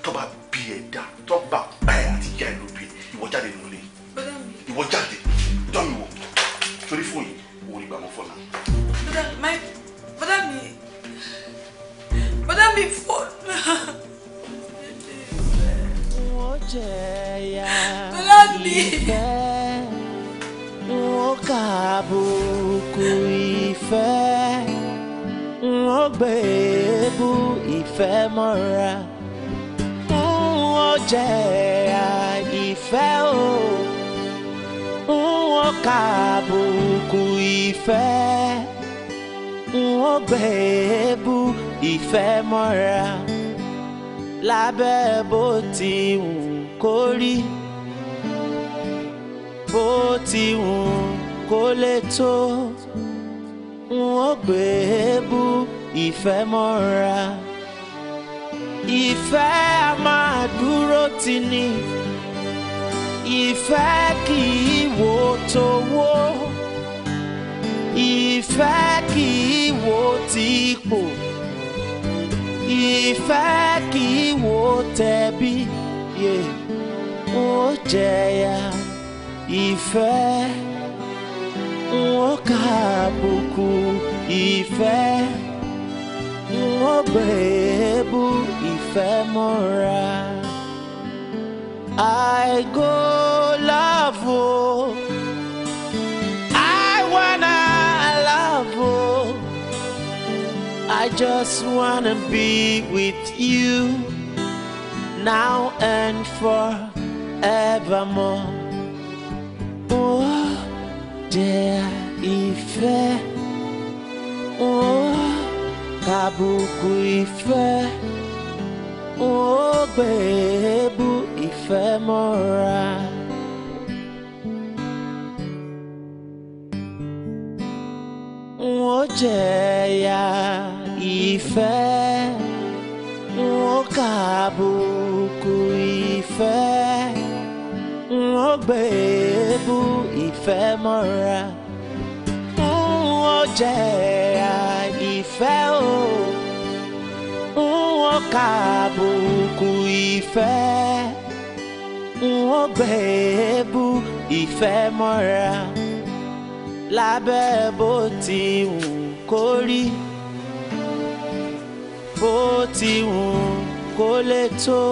tó bá bí ẹ̀ tó bá bá ẹ̀ àti ìyá ẹ̀ ló bí ìwọ jáde nù lé ìwọ jáde dán mi wò torí fún yìí òun ìgbà mọ́ fọ́nà. bọ́dà mi bọ́dà mi fọ́nà. wọ́n jẹ́ ya ìfẹ́ wọ́n kàbùkù ìfẹ́ wọ́n gbé e bú ìfẹ́ mọ́ra wọ́n jẹ̀yà ìfẹ́ o wọ́n kà ife ìfẹ́ wọ́n gbẹ̀ẹ́bù ìfẹ́ mọ́ra lábẹ́ bó ti wù kó rí bó ti wù kó lè ìfẹ́ mọ́ra ìfẹ́ a máa dúró tì ní ìfẹ́ kì í wo tówó ìfẹ́ kì í wo tìpò ìfẹ́ kì í wo tẹ̀bí yé ó jẹ̀yà ìfẹ́ ó kàbùkù ìfẹ́. ni wọ́n gbẹ̀ẹ́bù ìfẹ́ mọ́ra àìgò láàfo àìwánà láàfo I just wanna be with you now and forevermore. Oh, dear ìfẹ́. Oh. kàbùkù ìfẹ́ ó gbé ebú ìfẹ́ mọ́ra. Wọ́n jẹ̀yà ìfẹ́ wọ́n kàbùkù ìfẹ́ wọ́n gbé ebú ìfẹ́ jẹ́ ife o n ó ka àbùkù ìfẹ́ n ó gbé ebú ìfẹ́ mọ́ra lábẹ́ bó ti wù kó rí ti wù kó lè tó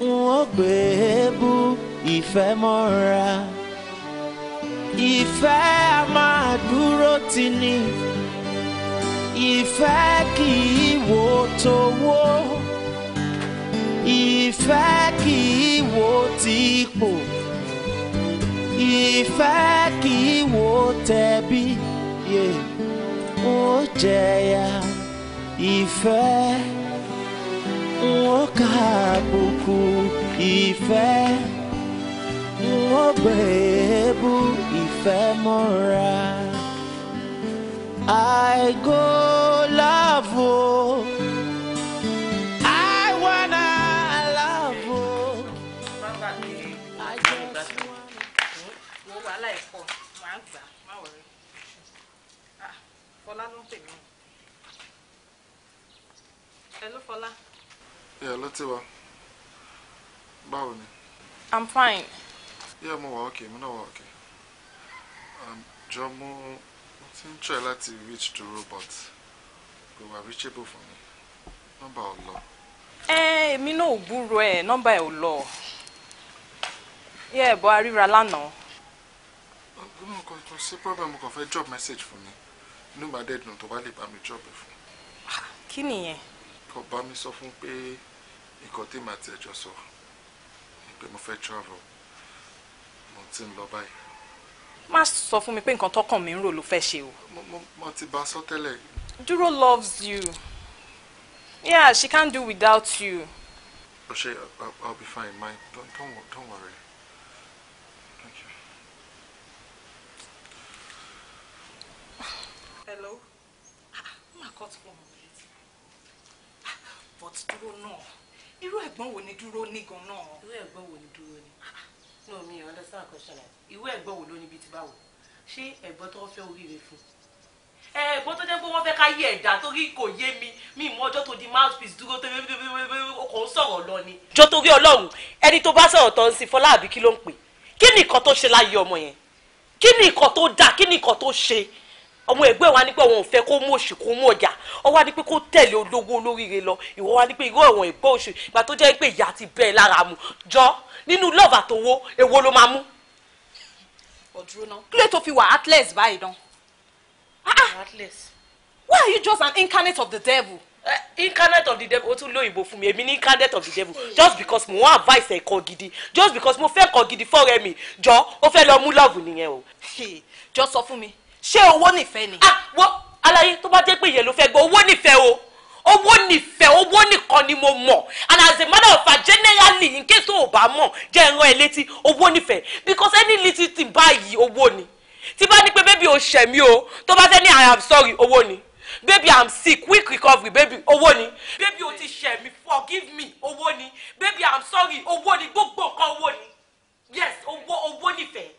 n ó ìfẹ́ a máa dúró tì ní ìfẹ́ kì í wo tówó ìfẹ́ kì í wo tìpò ìfẹ́ kì í wo tẹ̀bí yé ó jẹ̀yà ìfẹ́ wọ́n kà àbùkù ìfẹ́ wọ́n gbẹ̀ẹ́bù e ìfẹ́ fẹ́ mọ́ra I go love o I wanna love o. wàhálà ẹ̀kọ́ máa I'm fine. Yeah, mo okay, mo náà okay. Um, jọ mo ti ń try láti reach to robot kò wà reachable for me nọ́mbà ò lọ. ẹ èmi náà ò gbúrò ẹ nọ́mbà ẹ ò lọ yẹ ẹ bọ aríra lánàá. ọgbọ́n uh, kan kò sí problem kan fẹ́ drop message fún mi inú ìgbà dẹ́dùn tó bá lè bá mi drop ẹ fún. kí nìyẹn. kò bá mi sọ fún pé nǹkan tí màá ti ẹjọ́ sọ ni pé mo travel mo ti ń má sọ fún mi pé nǹkan tọkàn mi ń rò ló fẹ́ ṣe o. mo ti bá a sọ tẹ́lẹ̀. Duro loves you. Yeah, she can't do without you. Oshay, I'll, I'll be fine. My, don't, don't, don't worry. Thank you. Hello? Ah, Ma cut phone. Ah, but Duro náà. Irú ẹ̀gbọ́n wo ni Duro ní gan náà? Irú ẹ̀gbọ́n wo ni Duro ní? Ah, no mi ò understand question like ìwé ẹ̀gbọ́n wo ló níbi tí báwo ṣé ẹ̀gbọ́n tó fẹ́ oríire fún ẹ̀gbọ́n tó jẹ́ pé wọ́n fẹ́ ká yí ẹ̀dá torí kò yé mi mi mọ ọjọ́ tó di mouthpiece dúró tó kò ń sọ̀rọ̀ lọ ni. jọ torí Ọlọ́run ẹni tó bá sọ̀rọ̀ tán sí Fọlá àbí kí ló ń pè kí ni nǹkan tó ṣe láyé ọmọ yẹn kí ni nǹkan tó dà kí ni nǹkan tó ṣe ọmọ ẹgbẹ́ wa ní pé òun ò kó mú òṣì kó mú ọjà ọ wá ní pé kó tẹ̀lé olówó olóríire lọ ìwọ wá ní pé irú ẹ̀wọ̀n ẹ̀gbọ́n òṣì ìgbà tó jẹ́ pé ìyá ti bẹ́ẹ̀ lára mu jọ nínú lọ́ọ̀bà tó wó èwo ló máa mú. ọ̀dúró náà kílẹ̀ tó fi wà atlas báyìí dán. atlas. Ah, ah. why are you just an incarnate of the devil. Uh, incarnate of the devil o tún lóyìnbó fún mi èmi ní incarnate of the devil hmm. just because mo wan advice ẹ̀kọ́ gidi just because mo fẹ́ ẹ̀kọ́ gidi fọ́ọ̀rẹ́ mi jọ ó fẹ́ lọ mú lọ́ọ̀bù nìyẹn o. jọ sọ fún mi ṣé owó nífẹ̀ẹ́ ni. wọ́n aláyé tó bá jẹ́ pé ìyẹn ló fẹ́ gan owó nífẹ̀ẹ́ o owó nífẹ̀ẹ́ owó nìkan ni mo mọ̀ and as a matter of fact generally in case o ò bá mọ̀ jẹ́ ẹran ẹ̀ létí owó nífẹ̀ẹ́ because any little thing báyìí owó ni tí bá ní pé bébí o ṣẹ̀ mí o tó bá sẹ́ni i am sorry owó ni baby i'm sick quick recovery baby owó ni baby o ti ṣẹ̀ mí forgive me owó ni baby i'm sorry owó ni gbogbo nǹkan owó ni yes owó owó nífẹ̀ẹ́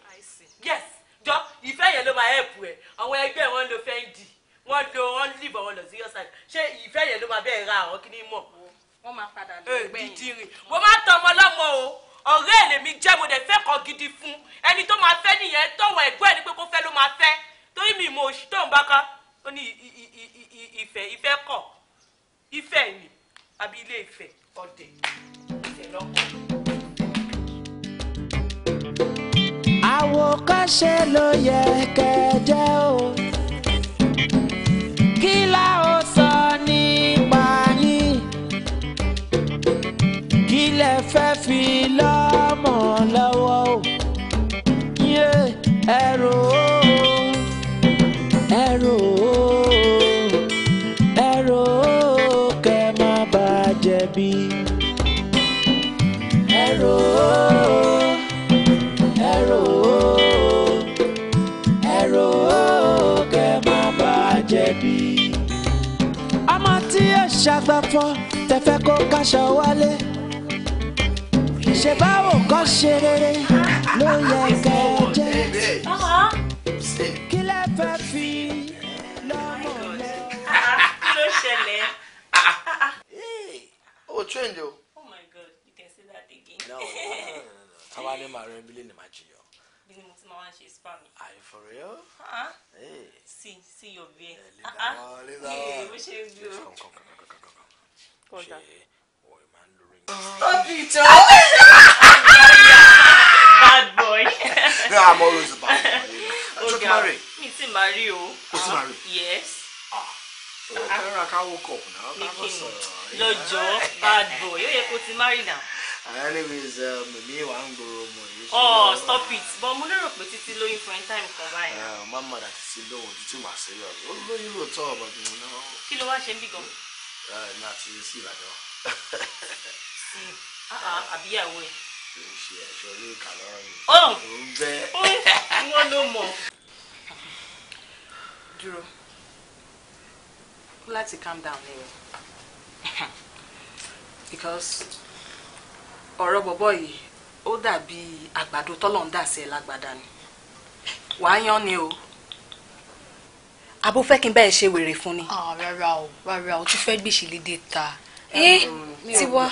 yes jọ ìfẹ́ yẹn ló máa help ẹ àwọn ẹgbẹ́ wọn ló fẹ́ ń dì wọ́n lo wọ́n leave àwọn lọ sí your side ṣé ìfẹ́ yẹn ló máa bẹ́ẹ̀ ra àwọn kíní mọ̀. wọ́n máa padà lọ gbẹ̀yìn. dídìrín mo máa tọ ọmọ lọ́mọ o ọ̀rẹ́ èlé mi jẹ́ mo dẹ̀ fẹ́ kọ́ gidi fún ẹni tó máa fẹ́ nìyẹn tọ̀wọ̀ ẹ̀gbọ́n ẹ̀ ní pé kó fẹ́ ló máa fẹ́ torí mi mo ṣì tó ń bá ká ó ní ìfẹ́ ìfẹ́ kọ̀ ìfẹ́ ni àbí ilé ìfẹ́ ọ̀dẹ̀ ìfẹ́ lọ́kọ̀ọ́. àwòkọ́ṣe ló yẹ kẹjẹ o kí la ó sọ nípa yín kí lẹ fẹ́ fi lọ́mọ lọ́wọ́ o ẹ rò gbẹ́ fọ́ tẹ kó káṣọ wálé ṣe báwo kọ́ ṣe rere ló yẹ kẹ́ jẹ́ kí lẹ fẹ́ fi lọ́mọ lẹ. kí ló ṣẹlẹ̀. o change o. oh my god you can say that again. no no no bí ni mo ti máa wá ṣe spam. are you for real. Uh ah, -huh. Ah. hey. see see ẹ lè dáwọ́ lè dáwọ́. ee bó ṣe ń dúró ṣe wọ ẹ máa ń lo ring. stop it bad boy. no i'm always a bad boy. oga mi ti ma rí o. o ti ma rí. yes. ọ̀kẹ́rẹ́ àkáwọ̀ kọ̀ọ̀kù náà. No joke, bad boy You're a kó ti now. anyways mi wa n gbòòrò mo yìí. ọ oh, stop it but mo lérò pé títí lóyún for any time kan báyìí. ẹ ọ má mọ̀ dà títí lóhùn títí wàá sí yọ̀ọ́ ó lóyún lóòótọ́ ọ̀bọ̀dún náà. kí ló wá ṣe ń na ti ìbàdàn. àbí calm down ni o because ọ̀rọ̀ bọ̀bọ̀ yìí ó dàbí àgbàdo tọ́lọ̀ ń dà sí ẹ lágbàdá yán ni o. àbó fẹ́ kí n bẹ́ẹ̀ ṣe wèrè fún ni. Ah, rárá o rárá o tí fẹ́ gbèsè lédè ta. ẹ eh, eh, tiwa.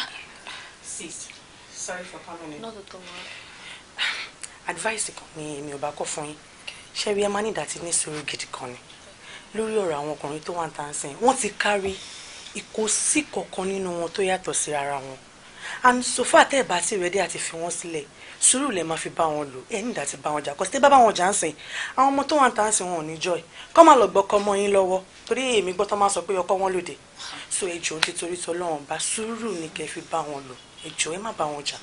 sorry for coming. not at all. advice kan ni èmi ò bá kọ́ fún yín ṣé bí ẹ máa ní ìdàtí ní sùúrù gidi kan ni lórí ọ̀rọ̀ àwọn ọkùnrin tó wà ń tàn sìn wọ́n ti kárí ìkòsí kọ̀ọ̀kan nínú wọn tó yàtọ̀ sí ara wọn and so far tẹ́ ẹ̀ bá ti rẹ́dí àti fi wọ́n sílẹ̀ sùúrù lè máa fi bá wọn lò ẹ nígbà tí bá wọn jà kọsí tẹ bá bá wọn jà ń sìn àwọn ọmọ tó wà ń ta sìn wọn ò ní jọ ẹ kọ́ máa lọ gbọ́kọ́ mọ́ yín lọ́wọ́ torí èmi gbọ́ tó máa sọ pé ọkọ wọn lòdì so ẹjọ́ nítorí tọ́lọ́run bá sùúrù ni kẹ́ fi bá wọn lò ẹjọ́ ẹ má bá wọn jà.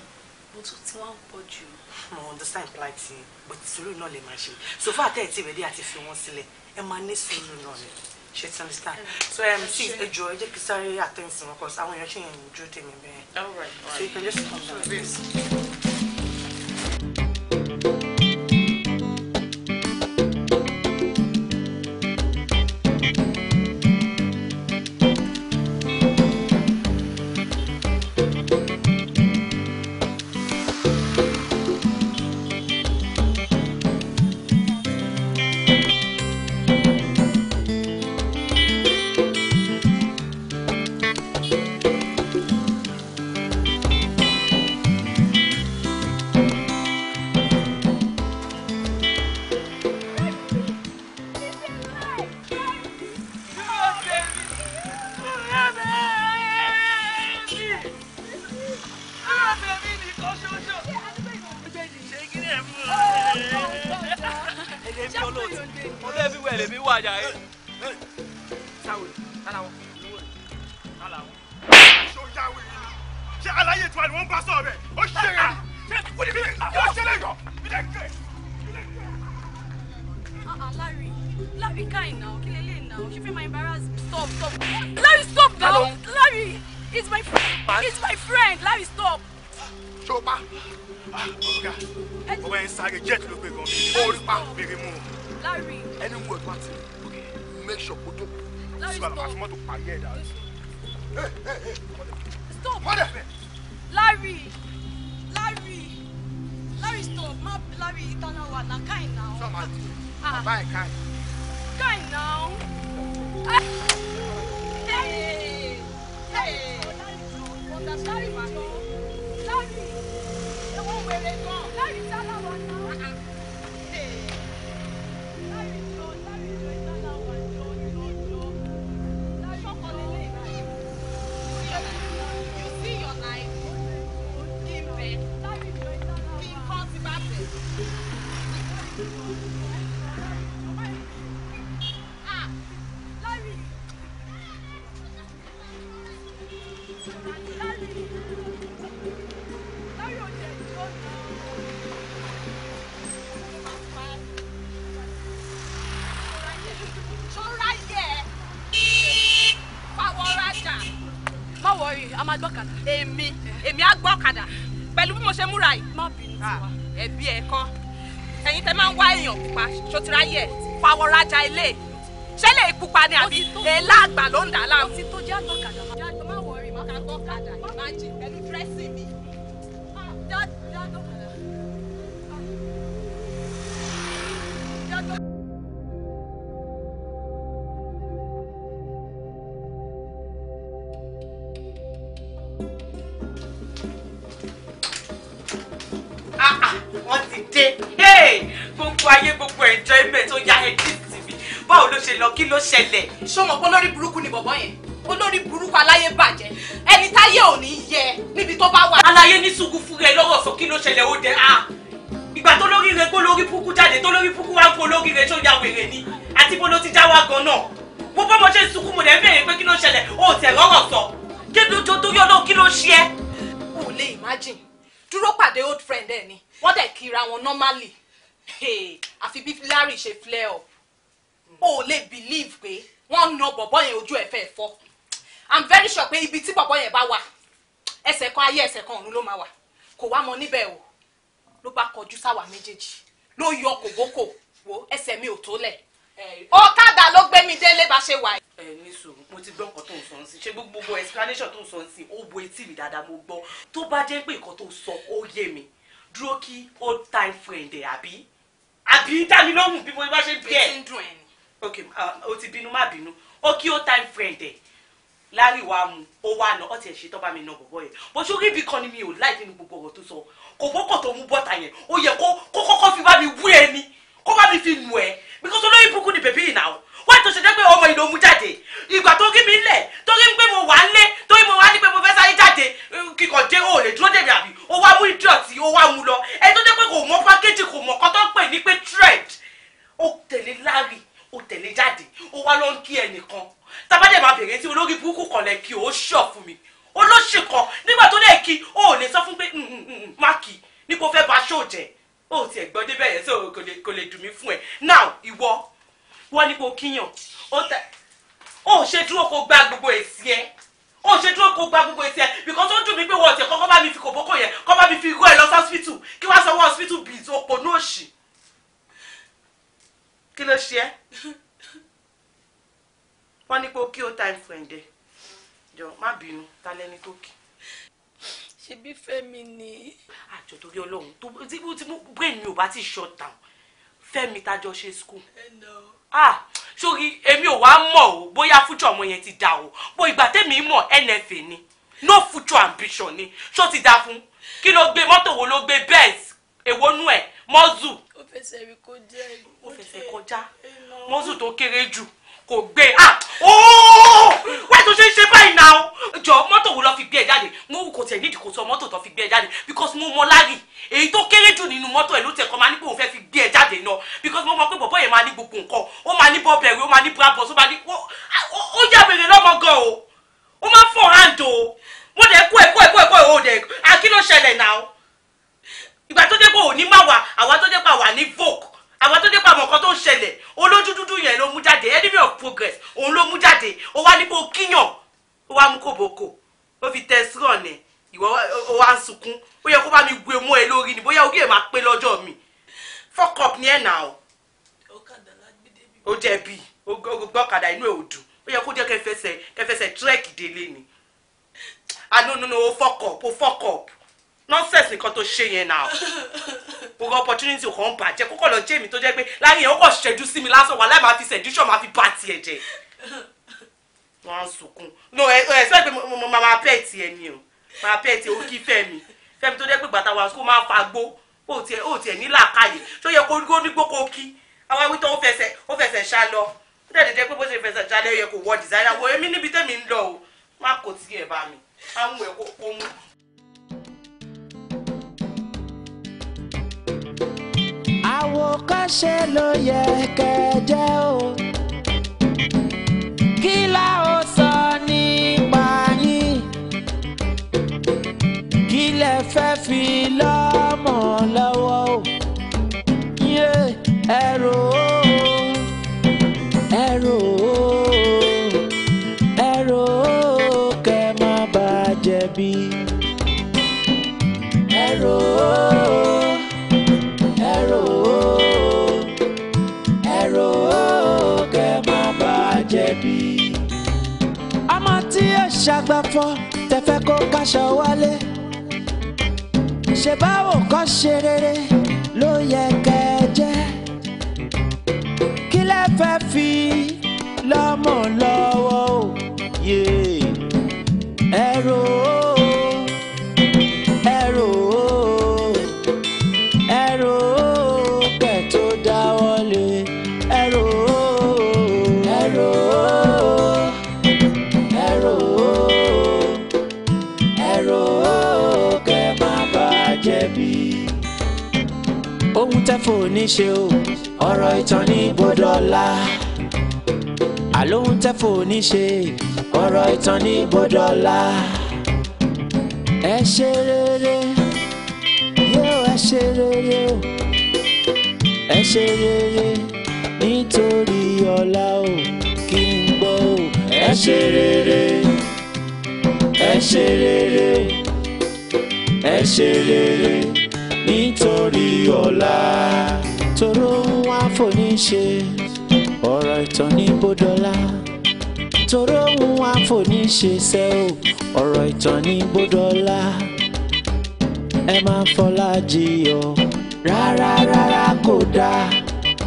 mo tún ti wá ń pọ̀ jù hmm, mo understand plight yìí but sùúrù náà lè máa ṣe so far tẹ́ ẹ̀ tí ìrẹ́lẹ́ àti fi wọ́n sílẹ̀ ẹ máa ní sùúrù náà ni ṣe ti understand so um, see ẹ jọ̀ọ́ ẹ jẹ́ kí sáré attend sí wọn cause àwọn èèyàn ṣì yẹn ń dúró tèmi bẹ́ẹ̀ so you can just ti ráyè pawọ́ rájà ilé ṣé lè pupa ni àbí èèlà àgbà ló ń dà láàmú. ọtí tó jẹ́ àtọ̀kadà máa jáde máa wọ orí máa kọ́ kadà ìmájì pẹ̀lú dírẹ́sì mi. Ah, ah, ah, wọ́n ti dé gbogbo ayé gbogbo enjoyment ó yá exist mi báwo ló ṣe lọ kí ló ṣẹlẹ̀. sọmọ pé olórí burúkú ni bọ̀bọ̀ yẹn olórí burúkú aláyé bàjẹ́ ẹni táyé ò ní yẹ níbi tó bá wà. aláyé ní sùkú fún rẹ lọ́wọ́ sọ kí ló ṣẹlẹ̀ ó dẹ a ah. ìgbà tó lórí rẹ kó lórí púkú jáde tó lórí púkú wá ń kó lórí rẹ tó ya wèrè ni àti bó ló ti já wá gan náà mo bọ́ mo ṣe mo dẹ̀ ń béèrè pé kí ló ṣẹlẹ̀ ó tẹ̀ rọ́rọ̀ sọ kí ló tó tó yọ náà kí ló ṣe é. kò lè imagine dúró pàdé old friend ẹ ni wọ́n dẹ̀ kíra wọn normally àfi bí larry ṣe flare up o lè believe pé wọ́n na bọ̀bọ́ yẹn ojú ẹ̀ fẹ́ fọ́ i'm very sure pé ibi tí bọ̀bọ́ yẹn bá wà ẹsẹ̀ kan ayé ẹsẹ̀ kan ọ̀run ló máa wà kò wá mọ níbẹ̀ o ló bá kọjú sáwà méjèèjì ló yọ kòbókò wo ẹsẹ̀ mi ò tó lẹ̀ ọ̀kadà ló gbé mi délé bá ṣe wà. ẹ ní mo ti gbọ́ nǹkan tó ń sọ sí ṣé gbogbo explanation tó ń sọ sí ó bo etí mi dáadáa mo gbọ́ tó bá jẹ́ pé nǹkan tó sọ ó yé mi dúró kí old time friend ẹ̀ àbí àbí dání lóhùn bí mo bá ṣe bí ẹ. ètí ń dùn ẹ ni. ok ah, o ti bínú má bínú ó kí ó time friend ẹ lárí wa mu ó wà lọ ọtí ẹ ṣe tọ́ bá mi nà bọ̀bọ̀ yẹn bó ṣó rí ibi kan ni mi ò láì nínú gbogbo ọ̀rọ̀ tó sọ kò wọ́pọ̀ tó mú bọ́tà yẹn ó yẹ kó kọ́kọ́ fi bá mi wú ẹni kó bá mi fi nù ẹ because olóyè burúkú ni bèbí yìí náà wọ́n tó ṣe jẹ́ pé ọmọ ìlú òun jáde ìgbà tó kí mi lẹ̀ torí pé mo wà lé torí mo wà ní pé mo fẹ́ sáré jáde kíkọ̀ dé o lè dúró dèbí àbí o wá mú ìdọ̀tí o wá mú lọ ẹ tó jẹ́ pé kò mọ pákéjì kò mọ kọ́tọ́ pè ní pé thread ó tẹ̀lé láàrin ó tẹ̀lé jáde ó wá lọ ń kí ẹnìkan tábàdé máa bèrè sí olórí burúkú kan lẹ kí o ṣọ̀ fún mi olóṣèkan nígbà tó lè kí o ò lè sọ fún pé mm, mm, mm, má ní kò fẹ́ bá ṣó jẹ́ o tiẹ̀ gbọ́ débẹ̀ yẹn so kò lè kò lè dùn mí fún ẹ now ìwọ wọ́n ní kó kíyàn ó tẹ ó ṣe dúró kó gba gbogbo èsì ẹ ó ṣe dúró kó gba gbogbo èsì ẹ because ó dùn mí pé wọ́n tiẹ̀ kọ́kọ́ bá mi fi kòbókò yẹn kọ́ bá mi fi igbó ẹ lọ hospital kí wọ́n sanwó hospital bíi tó pò ní òṣì kí ló ṣe ẹ́ wọ́n ní kó kí ó time fún ẹ̀ dẹ́ jọ má bínú ta lẹni tó kí ṣe bí fẹ́mi ni. àjọ torí ọlọ́run tó tí mo tí mo brain mi ò bá ti shut down fẹ́mi tájọ ṣe school. ah sórí èmi ò wá mọ̀ o bóyá future ọmọ yẹn ti dà o bó ìgbà tẹ́mi mọ̀ nfa ni no future ambition ni ṣó ti dá fún kí ló gbé mọ́tò wo ló gbé benz èwo nú ẹ̀ mọ́zù. ó fẹsẹ̀ rí kọjá. ó fẹsẹ̀ kọjá mọ́zù tó kéré jù kò gbé ah ooo wẹ́ẹ̀ tó ṣe ń ṣe báyìí náà jọ mọ́tò wo lọ fi gbé ẹ jáde mo kò tẹ̀ nídìí kò sọ mọ́tò tó fi gbé ẹ jáde because mo mọ láàrì èyí tó kéré jù nínú mọ́tò ẹ̀ ló tẹ̀ kọ́ máa ní pé òun fẹ́ fi gbé ẹ jáde náà because mo mọ pé bọ̀bọ̀ yẹn máa ní gbogbo nǹkan ó máa ní bọ́ọ̀bẹ̀rẹ̀ ó máa ní brabus ó máa ní ó yà wèrè lọ́mọ gan o ó máa fọ̀ hand o mo dẹ̀ kú ẹ̀ kú ẹ̀ kú ẹ̀ kú ẹ̀ o dẹ̀ àkí ah, ló ṣẹlẹ̀ náà ìgbà tó dé pé òní má wà àwa tó dé pé àwa ní vogue àwa tó dé pé àwọn nǹkan tó ń ṣẹlẹ̀ olójú dúdú yẹn ló mú jáde enemy of progress òun ló mú jáde ó wá ní kó kíyàn ó wá mú kòbókò ó fi tẹ síràn ẹ ìwọ ó wá ń sunkún ó yẹ kó bá mi gbé mọ́ ẹ lórí ni bóyá orí ẹ máa pé lọ́jọ́ mi fuck up ni ẹ nà ọ. ó jẹ̀bi ó gbọ́kadà inú ẹ̀ ò dùn ó yẹ kó jẹ́ kẹfẹsẹ̀ kẹfẹsẹ̀ trek délé ni. ah no no no ó fuck up ó fuck up nonsense nìkan tó ṣe yẹn náà gbogbo opportunity kan bàjẹ́ kókò lọ jẹ́ èmi tó jẹ́ pé láyé yẹn ó kàn ṣẹ́jú sí mi lásán wàhálà máa fi sẹ̀dúṣọ̀ máa fi bá tiẹ̀ jẹ́ wọ́n á sunkún no ẹ ẹ sọ pé mo máa pẹ́ tiẹ̀ ni o máa pẹ́ tiẹ̀ ó kí fẹ́mi fẹ́mi tó jẹ́ pé gbàtà wà sùkúl máa fa gbó ó tiẹ̀ ó tiẹ̀ ní làákàyè tó yẹ kó nígbó kó kí àwọn awítọ ó fẹsẹ̀ ó fẹsẹ̀ ṣá lọ ó dẹ̀ dẹ̀ pé bó ṣe fẹsẹ̀ ṣá lẹ́yẹ kò wọ dìsáyà wo èmi níbi tẹ́mi ń lọ o má kò tiẹ̀ bá mi má ń kó mú àwòkọ́ṣe ló yẹ kẹjẹ́ o kí la ó sọ nípa yín kí lẹ fẹ́ fi lọ́mọ lọ́wọ́ o ẹ rò aṣọ fọ́ tẹ̀fẹ́ kó kaṣọ wálé ṣe báwo kọ́ ṣe rere ló yẹ kẹ́ kí lẹ fẹ́ fi lọ́mọ lọ́wọ́ o yéé. tẹ́fò níṣe o ọ̀rọ̀ ìtàn ní bọ́dọ̀lá àlóhun tẹ́fò níṣe ọ̀rọ̀ ìtàn ní bọ́dọ̀lá ẹ ṣe rere yóò ẹ ṣe rere o ẹ ṣe rere nítorí ọ̀la o kí n gbọ́ o ẹ ṣe rere ẹ ṣe rere ẹ ṣe rere nítorí ọ̀la toró ń wá fòníṣe ọ̀rọ̀ ìtàn ní bódọ́lá toró ń wá fòníṣe sẹ́ o ọ̀rọ̀ ìtàn ní bódọ́lá ẹ máa fọlá jiyọ̀ rárá rárá kò dáa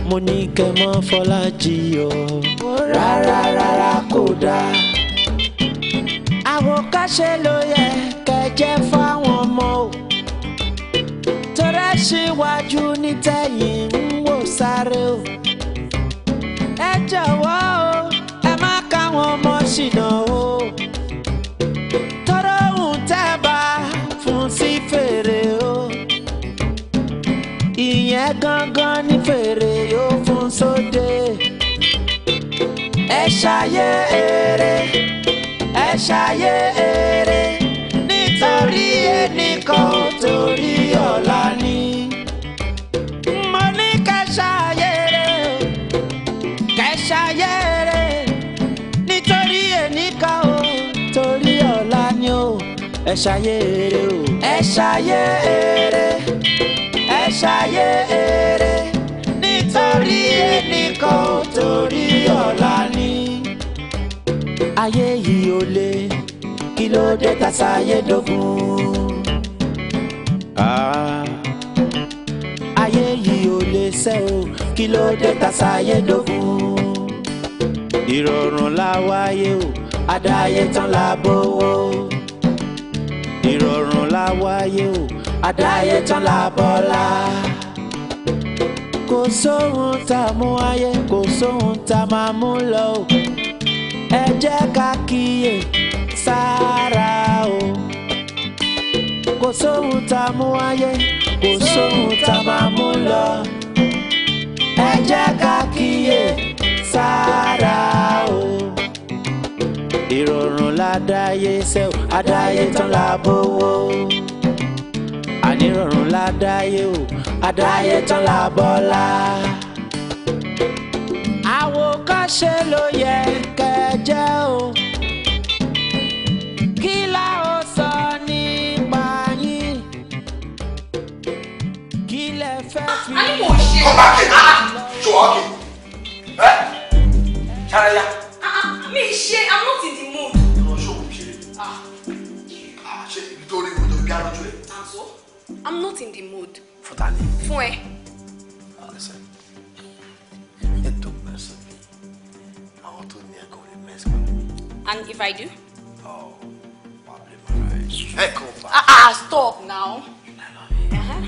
mo ní kẹ́ mọ́ fọlá jiyọ̀ rárá rárá kò dáa àwòkáṣe ló yẹ kẹ́ jẹ́ fáwọn ọmọ o aṣíwájú nítẹ̀yìn ń wò sáré o ẹ jọ̀wọ́ o ẹ má káwọn ọmọ ṣìnà o tọ́rọ ohun tẹ́ bá fún sí fèrè o ìyẹn gangan ní fèrè yóò fún sóde ẹ ṣayé èrè ẹ ṣayé èrè nítorí ẹnìkan torí ọ̀la ni. ṣayẹrẹ nítorí èníkà o torí ọ̀la ni o ẹ ṣayẹrẹ o. ẹ ṣayẹrẹ ẹ ṣayẹrẹ nítorí èníkà o torí ọ̀la ni. ayé yìí ò le kí ló dé ta ṣayédógún. Ah ayé yìí ò lè ṣe o kí ló dé ta ṣayé dógún ìrọ̀rùn la wáyé o adáyé tán la bọ́wọ́ ìrọ̀rùn la wáyé o adáyé tán la bọ́lá kò sóhun tá a mú ayé kò sóhun tá a máa mú lọ o ẹ jẹ́ ká kíyè sára o kò sóhun tá a mú ayé kò sóhun tá a máa mú lọ ẹ jẹ́ ká kíyè sára o ìrọ̀rùn ládáyé sẹ́ o adáyé tán lábówó ànírọ̀rùn ládáyé o adáyé tán lábọ́lá. àwòkọ́ṣe ló yẹ kẹjẹ o kí la ó sọ nípa yín kí lẹ fẹ́ fi. a ní mò ń ṣe. ọba kejì ah, ṣùgbọ́n kejì ẹ ṣáré yá. mi ṣe àwọn ti di. I'm not in the mood. For ta ni? Fún Listen, ẹ tó mẹ́sàn mi, àwọn tó ní ẹ̀kọ́ ní mẹ́sàn mi. And if I do? Oh, probably my right. Ẹ kò bá. Ah ah, stop now. You know what I mean? Uh-huh.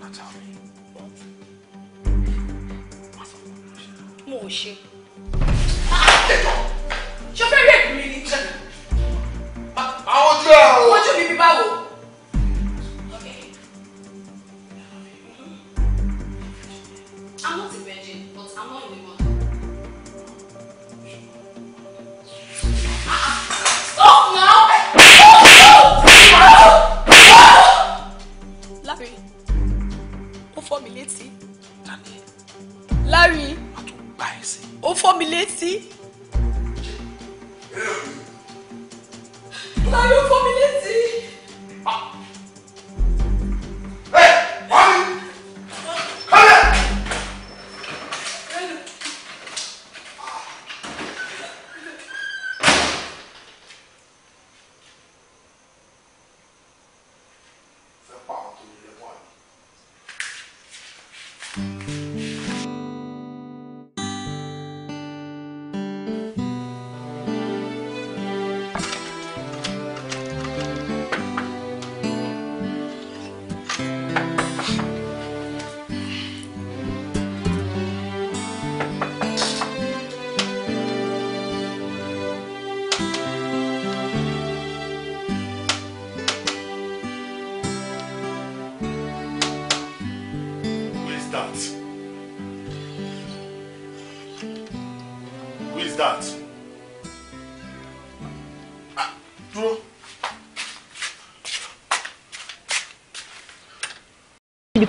Now tell me. What? Má sọ fún mi ló ṣe. Mo ò ṣe. Tẹ̀tọ̀, ṣé o fẹ́ rí èkúrí ni? Àwọn ojú ẹ̀ o. Ojú mi bí báwo?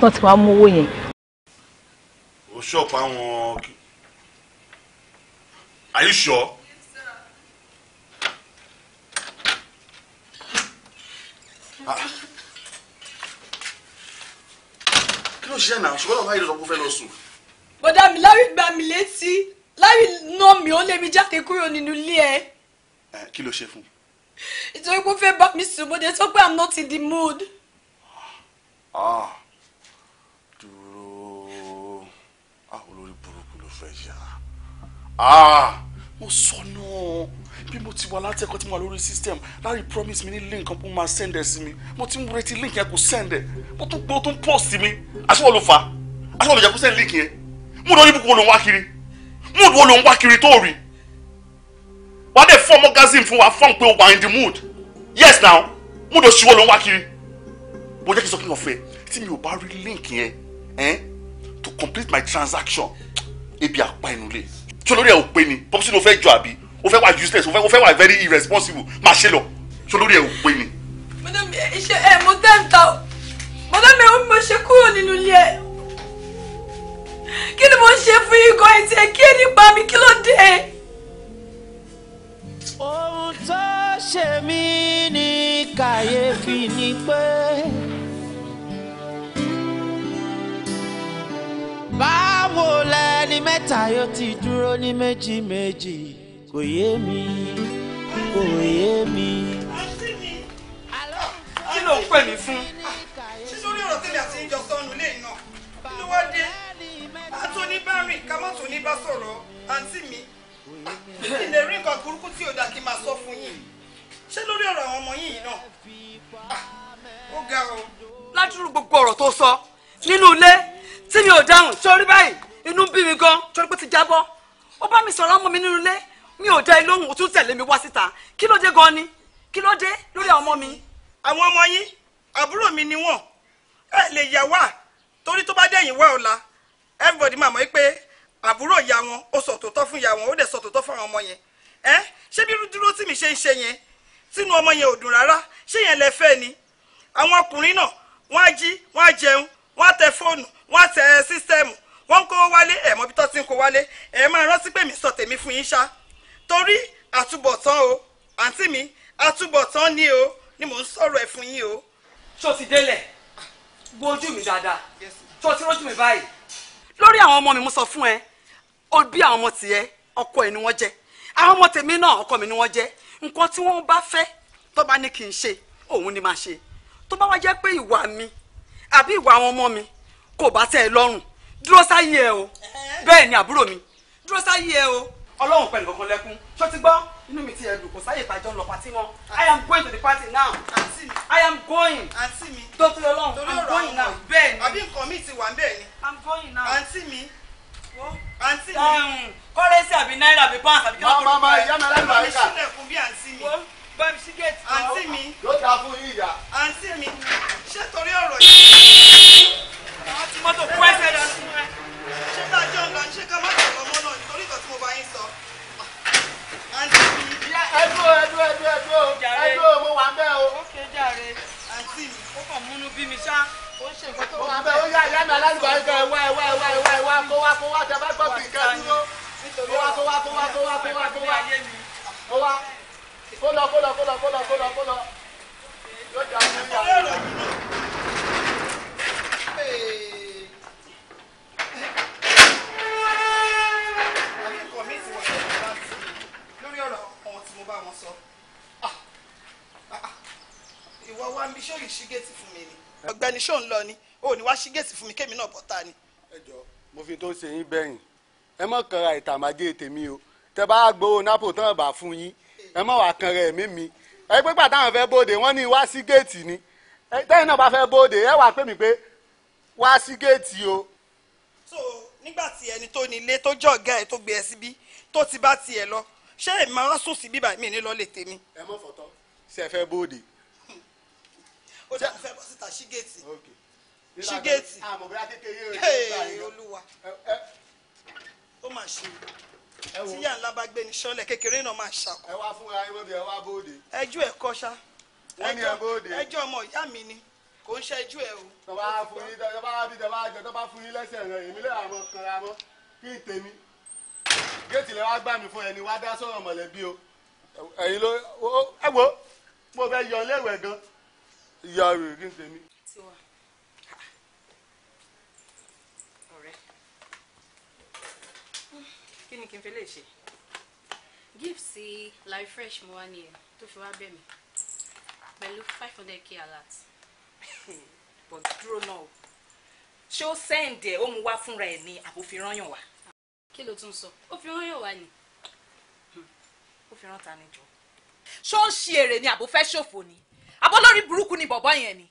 tán ti wá mówó yẹn. ó ṣọ́ọ̀pù àwọn are you sure. Ah. kí ló ṣiṣẹ́ náà ṣùgbọ́n ọ̀la yìí ló sọ pé ó fẹ́ lọ sùn. bọ̀dá mi lárí gbà mí létí lárí náà mi ò lè mi jáde kúrò nínú ilé ẹ. kí ló ṣe fún un pé ó fẹ́ bá mi sùn mo dé pé i'm not in the mood. ah fẹ́ yẹra ah, mo sọ náà bí mo ti wà látẹ̀kọ́ tí mo wà lórí system láàrin promise mi ní link kan pé mo máa send ẹ̀ sí mi mo ti ń retí link yẹn kò send ẹ̀ mo tún gbọ́ tó ń pọ̀ sí mi aṣọ́wọ́ ló fà á aṣọ́wọ́ ló jẹ́ kó send link yẹn mo lọ ní ibùkún olóhùn wá kiri mo lọ olóhùn wá kiri tó rí wàá dẹ̀ fọ́ magazine fún wa fọ́n pé o wà in the mood yes now mo lọ ṣíwọ́ olóhùn wá kiri mo jẹ́ kí n sọ kí n lọ fẹ́ tí mi ò bá rí link yẹn eh, to complete my transaction ebi àpá inú lè tí olórí ẹ ò pé ni pọ́pọ́sí ni o fẹ́ jọ àbí o fẹ́ wà useless o fẹ́ wà very irresponsible máa ṣe lọ tí olórí ẹ ò pé ni. mọ̀dọ́mí ẹ ṣe ẹ mo tẹ́ ń ta o mọ̀dọ́mí ẹ mo ṣe kúrò nínú ilé ẹ kí ni mo ṣe fún ikọ̀ ẹ̀tì ẹ kí ẹ nípa mi kí ló dé. ohun tó ṣe mí ní kàyéfì ni pé. Táyọ̀ ti dúró ní méjì méjì kò yé mi kò yé mi. kí ló ń pè mí fún. sísúrí ọ̀rọ̀ tẹ̀lé àti ìjọ sọnù lè nà kí ló wá dé àtúní bá rìn ká má tún ní bá sọ̀rọ̀ àǹtí mi kí lè rí nǹkan burúkú tí ò kí máa sọ fún yín ṣé lórí ọ̀rọ̀ àwọn ọmọ yìí náà ó ga o. ládùúrú gbogbo ọ̀rọ̀ tó sọ nínú ilé tí mi ò dáhùn sórí báyìí inú bí mi gan torí pé ti jábọ́ ó bá mi sọ̀rọ̀ ọmọ mi nínú ilé mi ò dá ilóhùn ó tún tẹ̀lé mi wá síta kí ló dé gan ni kí ló dé lórí àwọn ọmọ mi. àwọn ọmọ yín àbúrò mi ni wọn ẹ lè yà wá torí tó bá dẹ̀yìn wá ọ̀la everybody máa mọ̀ pé àbúrò ìyá wọn ó sọ tòótọ́ fún ìyá wọn ó dẹ̀ sọ tòótọ́ fún àwọn ọmọ yẹn ẹ ṣé bí dúró tí mi ṣe ń ṣe yẹn tínú ọmọ yẹn ò dùn rárá ṣé yẹn lẹ fẹ́ ni àwọn ọkùnrin náà wọ́n á jí wọ́n á jẹun wọ́n á tẹ fóònù wọ́n á tẹ sísítẹ́ẹ̀mù wọ́n ń kó wálé ẹ̀ mọ́ bí tọ́ sí ń kó wálé ẹ̀ máa rántí pé mi sọ tèmi fún yín ṣá torí àtúbọ̀tán o àǹtí mi àtúbọ̀tán ni o ni mò ń sọ̀rọ̀ ẹ̀ fún yín o. ṣó ti délẹ̀ gbójú mi dáadáa ṣó ti rójú mi báyìí. lórí àwọn ọmọ mi mo sọ fún ẹ ó bí àwọn ọmọ tiẹ̀ ọkọ ẹ̀ ni wọ́n jẹ́ àwọn ọmọ tèmi náà ọkọ mi ni wọ́n jẹ́ nǹkan tí wọ́n bá fẹ́ tó bá ní kí n ṣe òun ni máa ṣe tó bá wá jẹ́ pé ìwà mi àbí ìwà àwọn ọmọ mi kò bá tẹ́ ẹ lọ́rùn dúró sáyé ẹ o bẹ́ẹ̀ ni àbúrò mi dúró sáyé ẹ o. ọlọ́run pẹ̀lú kankan lẹ́kún ṣó ti gbọ́ inú mi ti ẹ̀dùn kò sáyè tàjọ ń lọ pàtí wọn ah. i am going to the party now i am going dókítà ọlọ́run i'm going now bẹ́ẹ̀ ni àbí nǹkan mi ti wà ń bẹ́ẹ̀ ni i'm going now àǹtí mi àǹtí mi kọ́rẹ́sì um, àbí náírà àbí pounds àbí kí wọ́n kọ́ ló ń bá ẹ̀ máa máa ìyá mi aláìmọ̀ àríkà bámi sí géètì náà. àǹtí mi. yóò dáa fún yín ìyá. àǹtí mi ṣé torí ọ̀rọ̀ yìí. àwọn ti mọ́tò kú ẹsẹ̀ rẹ̀ sí rẹ̀. ṣé tá a jọ ńlá ṣé ká má tẹ̀ lọ́mọ náà nítorí ìtọ́ tí mo bá yín sọ. àǹtí mi. ẹdúró ẹdúró ẹdúró ẹdúró ẹdúró mo wà ń bẹ̀ o. ó ké jàre àǹtí mi. ó kàn múnú bí mi ṣá ó ṣe nǹkan tó wà bẹ́ẹ̀. ó yá ìyá mi alálùbọ̀ ẹgbẹ́ ẹ̀wá ẹ̀wá ẹ̀wá ẹ̀wá ẹ̀wá kó wá kó wá tẹ bá gbọ́ kìkẹ́ kódà kódà kódà kódà kódà kódà yóò jà ní ìyá. ìwọ wa ń bí sóyún sí géètì fún mi ni ọ̀gbẹ́ni ṣó ń lọ ni ó ní wá sí géètì fún mi kémi náà bọ́ta ni. ẹ jọ mo fi tó ṣe yín bẹ́yìn ẹ mọ̀ kanra ìtàmájẹ́ tèmi o tẹ bá gbowó nápò tán bá fún yín ẹ mọ̀ wá kan rẹ̀ mí mi ẹ pé pàtó àwọn fẹ́ bóde wọ́n ní wá sí géètì ni tẹ́yìn náà bá fẹ́ bóde ẹ wàá pè mí pé wá sí géètì o. so nígbà tí ẹni tó ní ilé tó jẹ́ ọ̀gá ẹ̀ tó gbé ẹ síbí tó ti bá tiẹ̀ lọ ṣé ẹ máa sùn síbí báyìí mi ní lọ lè tèmi. ẹ mọ̀ fọ̀tọ́ ṣe fẹ́ bóde. ó dà fẹ́ bọ́ síta sí géètì sí géètì ah, olúwa ó mà ṣe tíyà ńlá bá gbé ní sọ́lẹ̀ kékeré náà máa ṣàkó. ẹ wá fúnra yín lóde ẹ wá bóde. ẹjọ́ ẹ kọ́ṣá ẹjọ́ ọmọ ìyá mi ni kò ń ṣẹjú ẹ o. tọ́ba fún yín tọ́ba bí tọ́ba jọ tọ́ba fún yín lẹ́sẹ̀ rẹ̀ èmi lè àmọ́ kanra mọ́ kí n tèmi. géètì lẹ wá gbà mí fún ẹni wá dá sọ̀rọ̀ mọ̀lẹ́bí o. ẹ̀yin ló ẹ wo mo fẹ́ yọ ilé ìwẹ̀ gan. ìyá rẹ̀ kí n tèmi. kí ni kí n fi lè ṣe. gift sí life fresh mo wá nìyẹn tó fi wá bẹ̀ mí pẹ̀lú five hundred k alert. but dúró náà o ṣé ó sẹ́ǹdì ẹ̀ ó mu wá fúnra ẹ̀ ní àbófinrányàn wa. kí ló tún sọ ó fi rányàn wá ni hmm. ó fi rántà ni jọ. ṣó ń ṣe èrè ni àbò fẹ́ ṣòfò ni àbọ̀ lórí burúkú ni bọ̀bọ̀ yẹn ni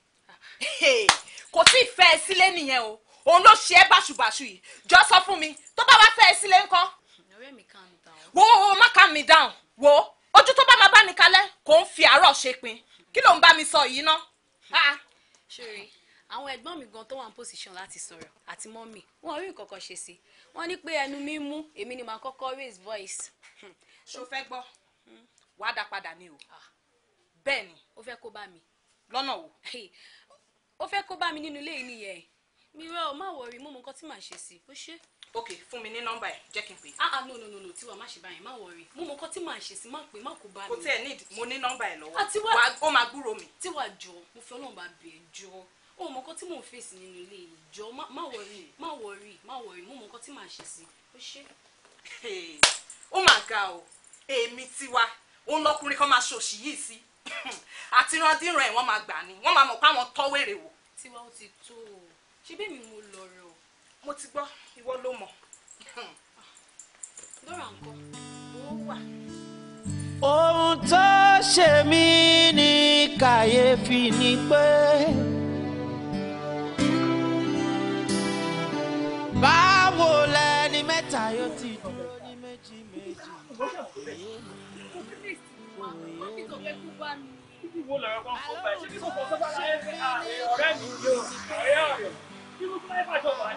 kò tí ì sílé nìyẹn o òun ló ṣe é báṣubàṣu yìí jọ sọ fún mi tó bá wá fẹ́ sílé ńkọ́ ọ̀rẹ́ mi calm wo wo má calm me down wo ojú tó bá máa bá ní kalẹ̀ kò ń fi àárọ̀ ṣe pin kí ló ń bá mi sọ yìí ná. Ah. ṣeré àwọn ẹ̀gbọ́n mi gan tó wà ní position láti sọ̀rọ̀ àti mọ́mì wọn rí nǹkan kan ṣe sí wọn ní pé ẹnu mi mú èmi ni màá kọ́kọ́ raise voice. Hmm. ṣó fẹ́ gbọ́ wàá dá padà ni o ah. bẹ́ẹ̀ ni. ó fẹ́ kó bá mi. lọ́nà wo. ó fẹ́ kó bá mi nínú ilé yìí nìyẹn mi rọ ọ má wọrí mo mọ nǹkan tí màá ṣe sí ó ṣe ok fún mi ní nọ́mbà ẹ jẹ́ kí n pè é. ah ah no no no no tiwa má ṣe báyìí má wọrí mo mọ kọ tí màá ṣe sí má pè má kó bá mi. kò tẹ́ ẹ need mo ní nọ́mbà ẹ lọ́wọ́ ah, wà ó máa gbúrò mi. tiwa jọ mo fi Ọlọ́run bá bẹ̀ jọ ó mọ kọ tí mò ń fèsì nínú ilé yìí jọ má wọrí má wọrí má wọrí mo mọ kọ tí màá ṣe sí ó ṣe. ó mà ga o èmi tiwa òun lọkùnrin kan máa ṣòṣì yìí sí àti randíran ẹ̀ máa gbà ní wọ́n máa mọ̀ tiwa ó ti tó mo ti gbọ́ ìwọ ló mọ̀. ohun tó ṣe mí ní kàyéfì ni pé. báwo lẹni mẹ́ta yóò ti dúró ní méjì méjì. Ibi wo lọ̀rọ̀ yóò. Ọ̀rẹ́ ọ̀rẹ́. Irú tí wọ́n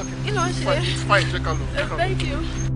okay. It's okay. It's fine. It's fine. Check out. Thank you.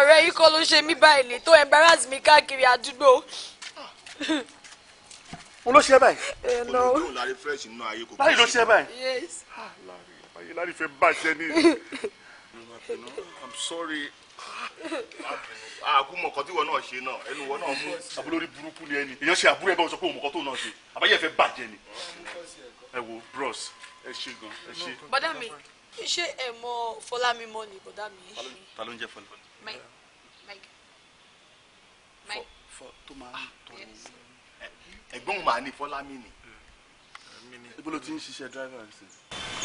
ọ̀rẹ́ yìí kọ́ ló ṣe mí báyìí lè tó embarrass mi káàkiri àdúgbò. n ló ṣe báyìí. ẹ lọ o lárí fresh nínú ayé kò kí n ṣe. lárí ló ṣe báyìí. yes. lárí lárí fẹ́ bàjẹ́ ní. i'm sorry àgùn ah, mọ̀kọ́ tí wọn náà ṣe náà ẹnu wọn náà mú abúlórí burúkú ni ẹni èèyàn ṣe àbúrò ẹ báwo sọ pé òun mọ̀kọ́ tó náà ṣe àbáyé fẹ́ bàjẹ́ ni ẹ wo bros ẹ ṣe gan ẹ ṣe. bọ́dà mi ṣé ẹ mọ fọlámímọ́ ni bọ́dà mi. ta ló ń jẹ́ fọlámímọ́. Mike, Mike, Mike. Fọ tó máa ń ah, tọ́ ní. Ẹ̀gbọ́n màá ní Fọlámi ni. Ibo ló ti ń ṣiṣẹ́ driver sí?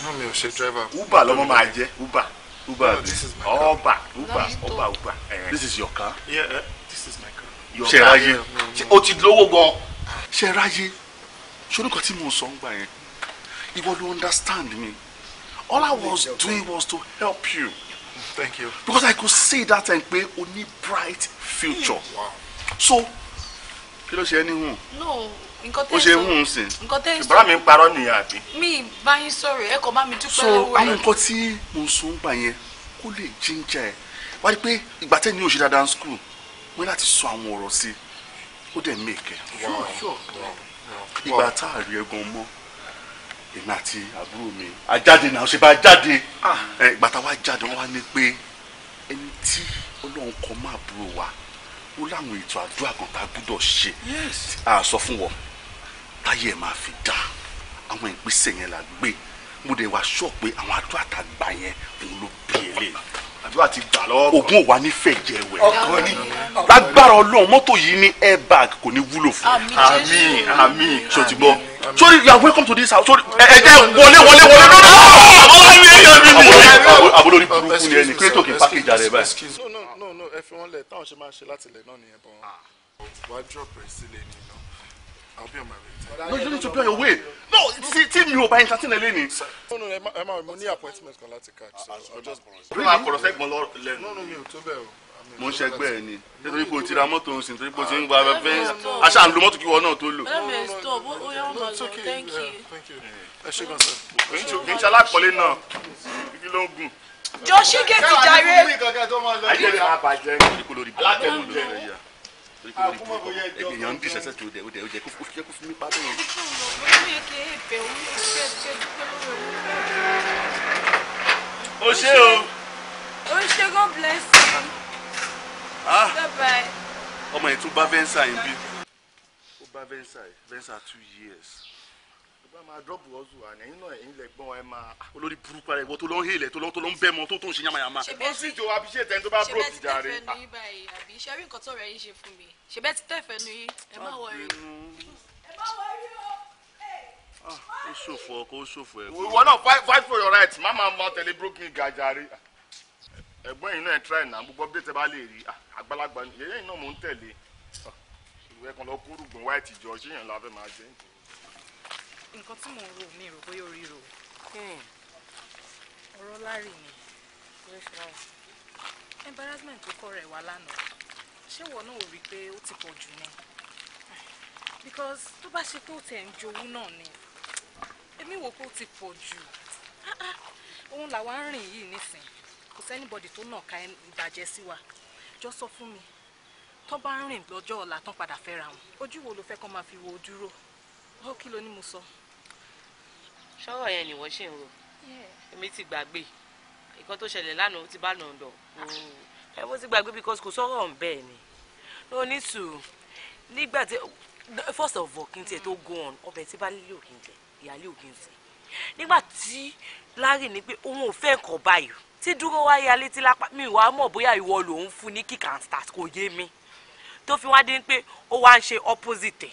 Náà mi ò ṣe driver. Uber lọ́mọ máa jẹ́ Uber. Uber no, this is my car. Uber, Uber, Uber, Uber. Eh. This is your car? Yeah, eh, this is my car. Your ṣe ráyé o ti lówó gan. Ṣe ráyé ṣorí kan tí mo sọ ń gbà yẹn. Ìwọ ló understand me. All I was doing was to help you thank you. because i could see that time pé o ní bright future. Wow. so kí ló ṣe é ní no nǹkan tẹ́ ń sọ ó ṣe hùn sí. nǹkan tẹ́ ń sọ ìbára mi parọ́ nìyẹn àbí. mi bá yín sọ̀rọ̀ ẹ bá mi dúpẹ́ lọ́wọ́ rẹ̀. so àwọn nǹkan tí mo sọ ń gbà yẹn kó lè jíjà ẹ wá rí pé ìgbà tẹ́ ní òṣèlú dáadáa school wọ́n láti sọ àwọn ọ̀rọ̀ sí i ó dẹ̀ mí kẹ́. ìgbà tá a rí ẹgan mọ́ èmi àti àbúrò mi ajáde náà ṣe bá jáde ah. ìgbà tá a wá jáde wọn wá ní pé ẹni tí ọlọ́run kọ máa búrò wa ó láwọn ètò àdúrà kan tá a gbúdọ̀ ṣe a sọ fún wọn táyé ẹ̀ máa fi dá àwọn ìgbésẹ̀ yẹn la gbé mo dẹ̀ wá sọ pé àwọn àdúrà tá a gbà yẹn òun ló bí eléyìí àdúrà ti gbà lọ́wọ́. ogun ò wá nífẹ̀ẹ́ jẹ wẹ̀. lágbára ọlọ́run mọ́tò yìí ní airbag kò ní wúlò fún. àmín àmín ṣòtìgbọ́ sorry you are welcome to this house sorry ẹ jẹ wọlé wọlé wọlé lọ no, no, no, no. yọ mí mi. àbúrò ní burúkú ni ẹni kírètò kì í pákéjì rẹ báyìí. no no no no ẹ fi wọn lẹ táwọn ṣe máa ṣe láti lẹ náà nìyẹn bọ ah. drop rẹ sílẹ̀ ni iná i'll be on my way. no you need to be on your way no ti ti mi ò bá entertain lé no no ẹ máa mo ní appointment kan láti catch so ah, i'll just. bí wàá kọ̀rọ̀ sẹ́gbọ̀n lẹ́nu. no no mi ò tó bẹ́ẹ̀ o mo ń ṣẹgbẹ́ ẹ ni nítorí pé o ti ra mọ́tò ń sìn nítorí pé o ti ń gba afẹ́fẹ́ aṣáà ń lo mọ́tò kí náà tó lò. kì í ṣe alápọ̀lé náà kí ló ń gùn. jọ ṣé géètì jàre. ayé rẹ̀ máa bàjẹ́ nítorí kò lórí bàjẹ́ kò lórí rẹ̀ yà èèyàn ń bí sẹsẹ tó dẹ o dẹ o jẹ kó fi jẹ kó fi mí pa bẹ́ẹ̀. o ṣé o. o ṣé God bless you. Ah. ọmọ yẹn tún bá venza yẹn bí ó bá venza yẹn venza two years. ìgbà máa dọ́ọ̀bù ọ̀zù wa ní iná ẹ̀yìn lẹ́gbọ́n wa ẹ̀ máa. olórí burúkú ara ẹ̀ wọ́n tó lọ ń hílẹ̀ tó lọ tó lọ ń bẹ́ mọ́ tó tó ń ṣe yamayama. ó sì jọ abiṣẹ́ tẹ́ni tó bá búrò ti jà rẹ̀. ṣe bẹ́ẹ̀ ti tẹ́fẹ̀ẹ́ nu yín báyìí àbí ṣe rí nǹkan tó rẹ̀ yín ṣe fún mi ṣe bẹ́ẹ̀ ti tẹ́fẹ̀ẹ́ nu yín ẹ má wọrí. ẹ má o ah, ó ṣòfò ọkọ ó ṣòfò ẹ. ìwọ náà fight for your rights má máa ma tẹ̀lé broken gajare ẹ̀gbọ́n yìí náà try náà gbogbo update ẹ bá lè rí ah, àgbàlagbà ni yẹyẹ yìí náà mò ń tẹ̀lé ah, ìwé kan lọ kúrú gbọ̀n wáyé tìjọ ṣéyàn la fẹ́ máa jẹ́. nǹkan tí mò ń rò mí rò bóyá orí rò hmm. ọ̀rọ̀ lárí ni embarrassment tó kọ́ rẹ̀ wá lánàá ṣé wọ́n náà rí i pé ó ti pọ̀ jù ni because tó bá ṣe pé ó tẹ̀ ń jowú náà ni èmi wò pé ó ti pọ̀ jù ah, òun làwa ń rìn yìí nísìnyí kò sẹ́nibọ̀dì tó nà ká ìbàjẹ́ sí wa jọ sọ fún mi tó bá ń rìn lọ́jọ́ ọ̀la tán padà fẹ́ra wọn ojú wo ló fẹ́ kó máa fi wo dúró ó kí ló ní mo sọ. ṣọ́rọ̀ yẹn ni wọ́n ṣe ń rò èmi ti gbàgbé nǹkan tó ṣẹlẹ̀ lánàá ó ti bá nàá dọ̀ ẹ bó ti gbàgbé because kò sọ̀rọ̀ ń bẹ́ẹ̀ ni no need to nígbà tí first of all kí n tiẹ̀ tó go on ọbẹ̀ tí bá lílé òkè ń jẹ ìyáálé òkè ń sè nígbà tí Larry ní pé òun ò fẹ́ nǹkan báyìí tí dúró wá ya létí lápá mi wàá mọ̀ bóyá ìwọ lòun fún ní kick start kò yé mi tó fi wá dé pé ó wá ń ṣe opposite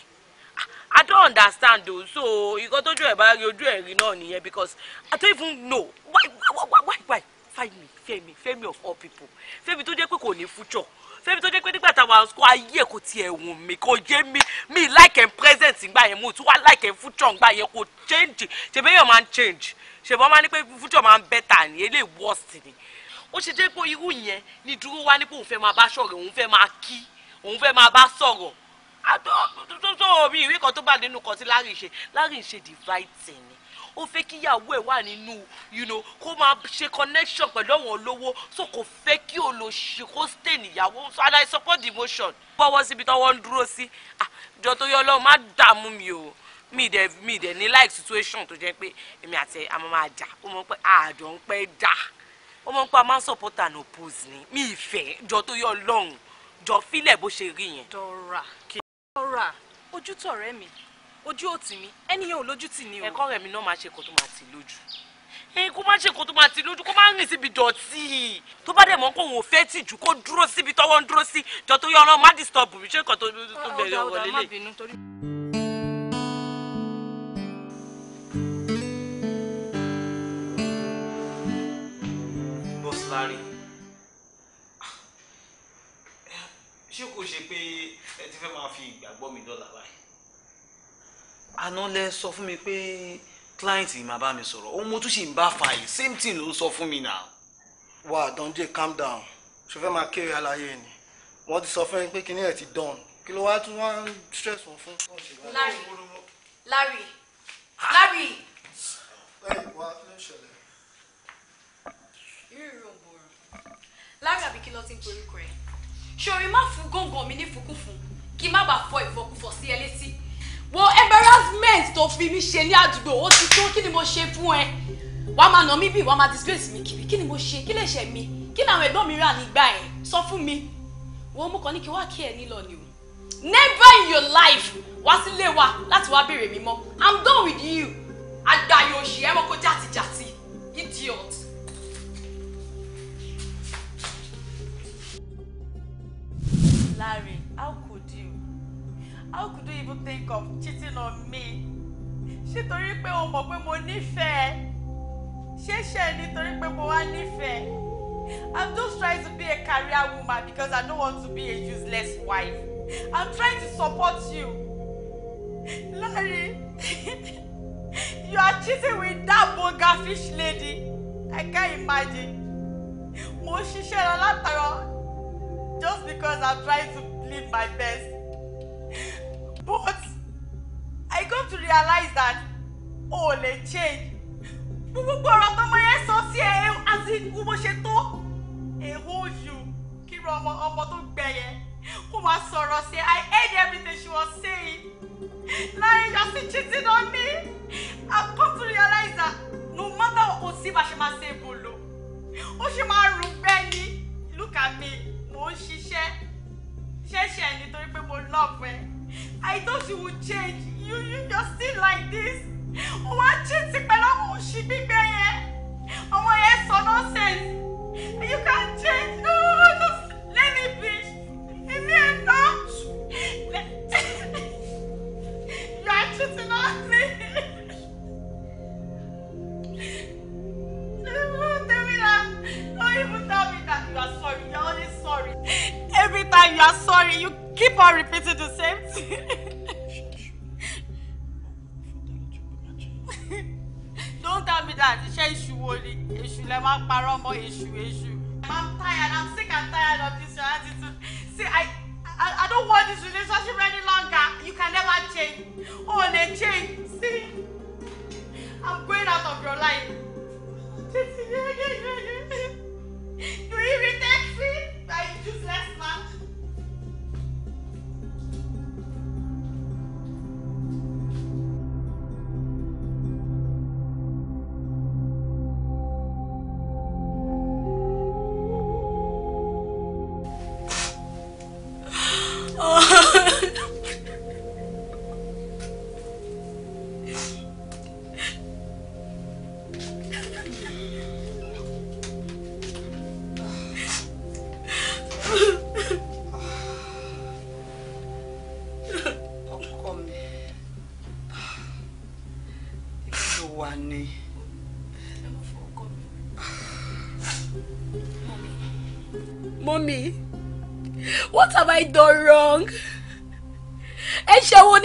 i don't understand o so ìkan tójú ẹ̀ bá rí ojú ẹ̀ rí náà nìyẹn because i don't even know why why why why Fẹ́mi Fẹ́mi Fẹ́mi of all people Fẹ́mi tó jẹ́ pé kò ní future fẹ́mi tó jẹ́ pé nígbà táwa ọ̀sùn ayé kò tiẹ̀ wù mí kò yé mi mi like and present ngbà yẹn mo tún wá like and future ngbà yẹn kò change ṣèbí èèyàn máa ń change ṣèbí wọ́n máa ní pé future máa ń better ni eléyìí worst ni ó ṣe jẹ́ pé irú yẹn ni dúró wá ní pé òun fẹ́ máa bá ṣọ̀rọ̀ òun fẹ́ máa kí òun fẹ́ máa bá sọ̀rọ̀ àtọ́ tó tó mi ìwé kan tó bá nínú kan sí lárí ìṣe lárí ìṣe dividing ni ó fẹ́ kí ìyàwó ẹ̀ wà nínú you know kó máa ṣe connection pẹ̀lú àwọn olówó so kò fẹ́ kí olóṣì kó stay níyàwó so and I support the motion. bọ́wọ́ síbi tọ́wọ́ ń dúró sí àjọ tó yọ ọlọ́run má dààmú mi o mi dẹ̀ mi dẹ̀ ní like situation tó jẹ́ pé èmi àti ẹ̀ àmọ́ máa jà ó mọ̀ pé àjọ ń pẹ́ jà ó mọ̀ pé a máa ń support and oppose ni mi ìfẹ́ jọ tó yọ ọlọ́run jọ fílẹ̀ bó ṣe rí yẹn. dọ́ra dọ́ra ojú tọ̀rẹ́ mi ojú ò tì mí ẹnìyàn ò lójú tì ní o. ẹ̀kọ́ rẹ̀ mi náà máa ṣe kó tó máa tì lójú kó má ṣe kó tó máa ti lójú kó má rìn síbi dọ̀tí tó bá dẹ̀ mọ́ kó òun ò fẹ́ tìjú kó dúró síbi tọ́wọ́ ń dúró sí jọ tó yọ ọlọ́run má disturb mi ṣé nǹkan tó bẹ̀rẹ̀ ọ̀rọ̀ lélẹ̀. bọ́sílárì ah, ṣé kò ṣe pé ẹ ti fẹ́ máa fi ìgbàgbọ́ mi dọ́là báyìí àná lẹ sọ fún mi pé client yìí máa bá mi sọ̀rọ̀ òun mo tún ṣì ń bá fa yìí same thing ló sọ fún mi náà. wà á dánjẹ calm down ṣe fẹ́ máa kéré àlàyé ni wọ́n ti sọ fún yín pé kinní ẹ̀ ti dán kí ló wá tún wá ń stress wọn fún. Larry Larry ah! Larry. Larry àbí kí ló ti ń porí kọ ẹ ṣòrí má fún gángan mi ní fukúfù kí má bàa fọ ìfọkúfọ sí ẹ létí wo embarrassment tó fi mí ṣe ní àdúgbò ó ti tó kí ni mo ṣe fún ẹ wàá máa nà mí bí wàá máa disgrace mi kiri kí ni mo ṣe kí lè ṣe mi kí làwọn ẹ̀gbọ́n mi rà nígbà ẹ̀ sọ fún mi wo mú kan ní kí wá kí ẹ nílò ni o never in your life wá sílé wa láti wá béèrè mi mọ́ i'm done with you àgbáyé òṣì ẹ mọ kó jàtijàti idiot. Larry how could you even think of cheating on me? ṣé torí pé o mọ̀ pé mo nífẹ̀ẹ́ ṣé ṣe nítorí pé mo wá nífẹ̀ẹ́ I'm just trying to be a career woman because I don't want to be a useless wife. I'm trying to support you. Larry, you are cheating with that bogafish lady. I can't imagine. Mo ṣiṣẹ́ lọ látàrọ just because I'm trying to live my best but I come to realize that o lè change gbogbo ọ̀rọ̀ tó máa ń sọ sí ẹ àti gbogbo ṣe tó èho yù kí ló ọmọ ọmọ tó gbẹ yẹn kó máa sọ̀rọ̀ sí ẹ I heard everything she was saying láyé yọ sí cheating on me I come to realize that no matter kò sí bá ṣe máa ṣe èbò lò ó ṣe máa rùn gbẹ́ ni look at me mò ń ṣiṣẹ́. I thought you would change. You, you, you're still like this. Ọmọ àjẹsí pẹ̀lú àwọn òṣì gbígbẹ́ yẹn. Ọmọ yẹn sọ nonsense. You can't change. No, just let me be. Èmi ẹ̀ náà. You are cheating on me. Tell me that. Don't even tell me that you are sorry. You are only sorry. Every time you are sorry, you keep on repeating the same thing. lẹ máa ń parọ́ ọmọ èṣù èṣù. I'm tired. I'm sick and tired of this your attitude. See, I, I I don't want this relationship any longer. You can never change. Oh, they change. See, I'm going out of your life. you irritate me. I useless man.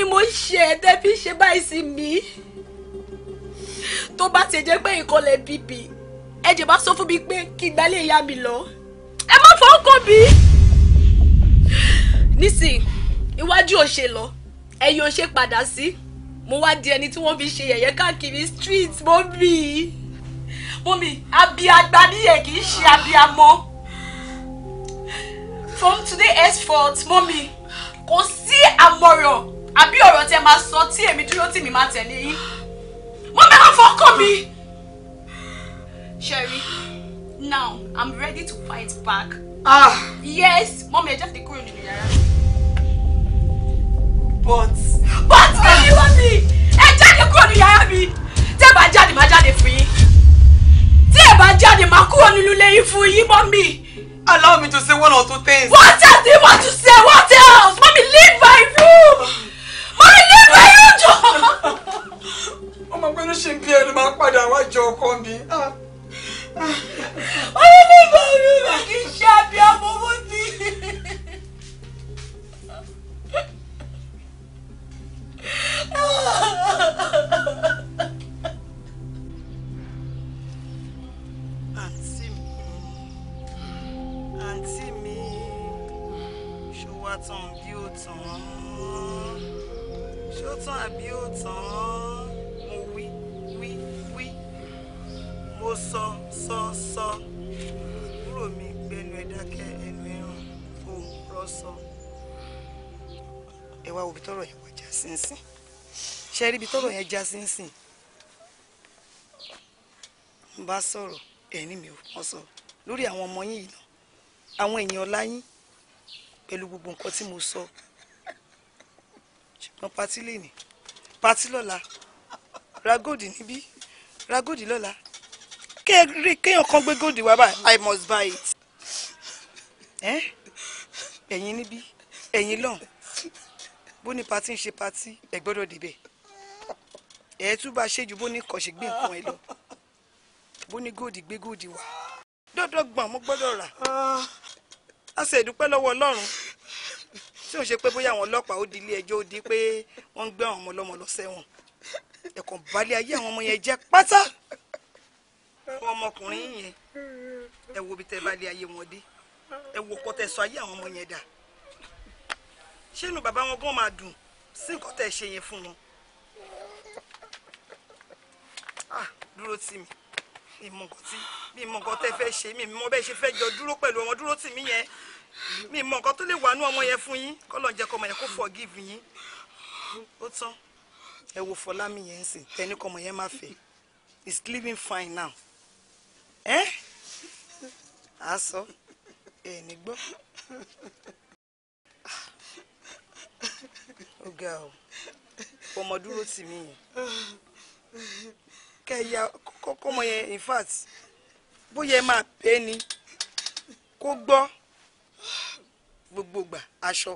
ni mo ṣe ẹ tẹ́bí ṣe báyìí sí mi tó bá ti jẹ́ pé ìkọlẹ̀ bíbí ẹ̀jẹ̀ bá sọ fún mi pé kí ìgbálẹ̀ ìyá mi lọ ẹ má fọ́ ọkọ mi nísìn iwájú òṣè lọ ẹ̀yìn òṣè padà sí mo wá di ẹni tí wọ́n fi ṣe yẹ̀yẹ́ káàkiri street mọ́mì mọ́mì abiagba níyẹn kì í ṣe abiamọ from today henceforth mọ́mì kò sí àmọ̀ràn àbí ọ̀rọ̀ tẹ máa sọ tí èmi dúró tì mí máa tẹ̀lé yín mo mẹ́ràn fọ́kàn mi. Sherry, now I'm ready to fight back. Ah. Yes, mọ́mí ẹ jáde kúrò nínú yàrá. But. But kí ni wọ́n mi? Ẹ jáde kúrò nínú yàrá mi. Tẹ́ bá jáde, máa jáde fún yín. Tí ẹ bá jáde, máa kúrò nínú ilé yín fún yín, mọ́mí. Allow me to say one or two things. What else do you want to say? What else? Mommy, leave my room! orílẹ̀ èdè yóò jọ. ọmọ pé ló ṣe ń bí ẹni máa padà wá jọ ọkọ mi. orílẹ̀ èdè mi kì í ṣe abiyamọ tọrọ yẹn wọjà sínsìn ṣe rí tọrọ yẹn já sínsìn n bá sọ̀rọ̀ ẹni mi ò kàn sọ̀rọ̀ lórí àwọn ọmọ yín yìí àwọn èèyàn ọlá yín pẹ̀lú gbogbo nǹkan tí mo sọ ṣùgbọ́n pátí lè ní pátí lọ́la ragóòdì níbí ragóòdì lọ́la kéèyàn kan gbé góòdì wá báyìí i must buy it ẹ̀yin níbí ẹ̀yin lọ́hùn bó ní patí ń ṣe patí ẹ gbọ́dọ̀ débẹ̀ ẹ tún bá ṣe ju bó ní kọ̀ṣe gbé nǹkan ẹ lọ bó ní góòdì gbé góòdì wá dọ́dọ̀ gbọ̀n mo gbọ́dọ̀ rà á sì ẹ̀dúpẹ́ lọ́wọ́ ọlọ́run tí òun ṣe pé bóyá àwọn ọlọ́pàá ó di ilé ẹjọ́ ó di pé wọ́n ń gbé àwọn ọmọ lọ sẹ́wọ̀n ẹ̀kọ́ balẹ̀ ayé àwọn ọmọ yẹn jẹ́ pátá àwọn ọmọkùnrin yẹn ẹ wo bí tẹ́ balẹ̀ ayé wọn dé ẹ wo kọ́tẹ́ sọ ayé àwọn ọmọ yẹn dáa ṣé inú bàbá wọn gan máa dùn sí nǹkan tẹ́ ẹ ṣe yẹn fún wọn. Ah, dúró tì mí ìmọ̀ nǹkan tí mi mọ̀ nǹkan tẹ́ fẹ́ ṣe mi mọ̀ bẹ́ẹ̀ ṣe fẹ́ jọ dúró pẹ̀lú ọmọ dúró tì mí yẹn mi mọ̀ nǹkan tó lè wà nú ọmọ yẹn fún yín kọ́ lọ́n jẹ́ kọ́ ọmọ yẹn kó forgive yín ó tán ẹ wo Fọlámi yẹn ń sìn tẹni kọ́ ọmọ yẹn má fẹ́ he's living fine now ẹ́ àá sọ ẹ̀ ní gbọ́ ó ga ọ ọmọ dúró tì mí kẹyà kọmọ yẹn in fact bóyá ẹ máa pè é ni kó gbọ́ gbogbo gbà aṣọ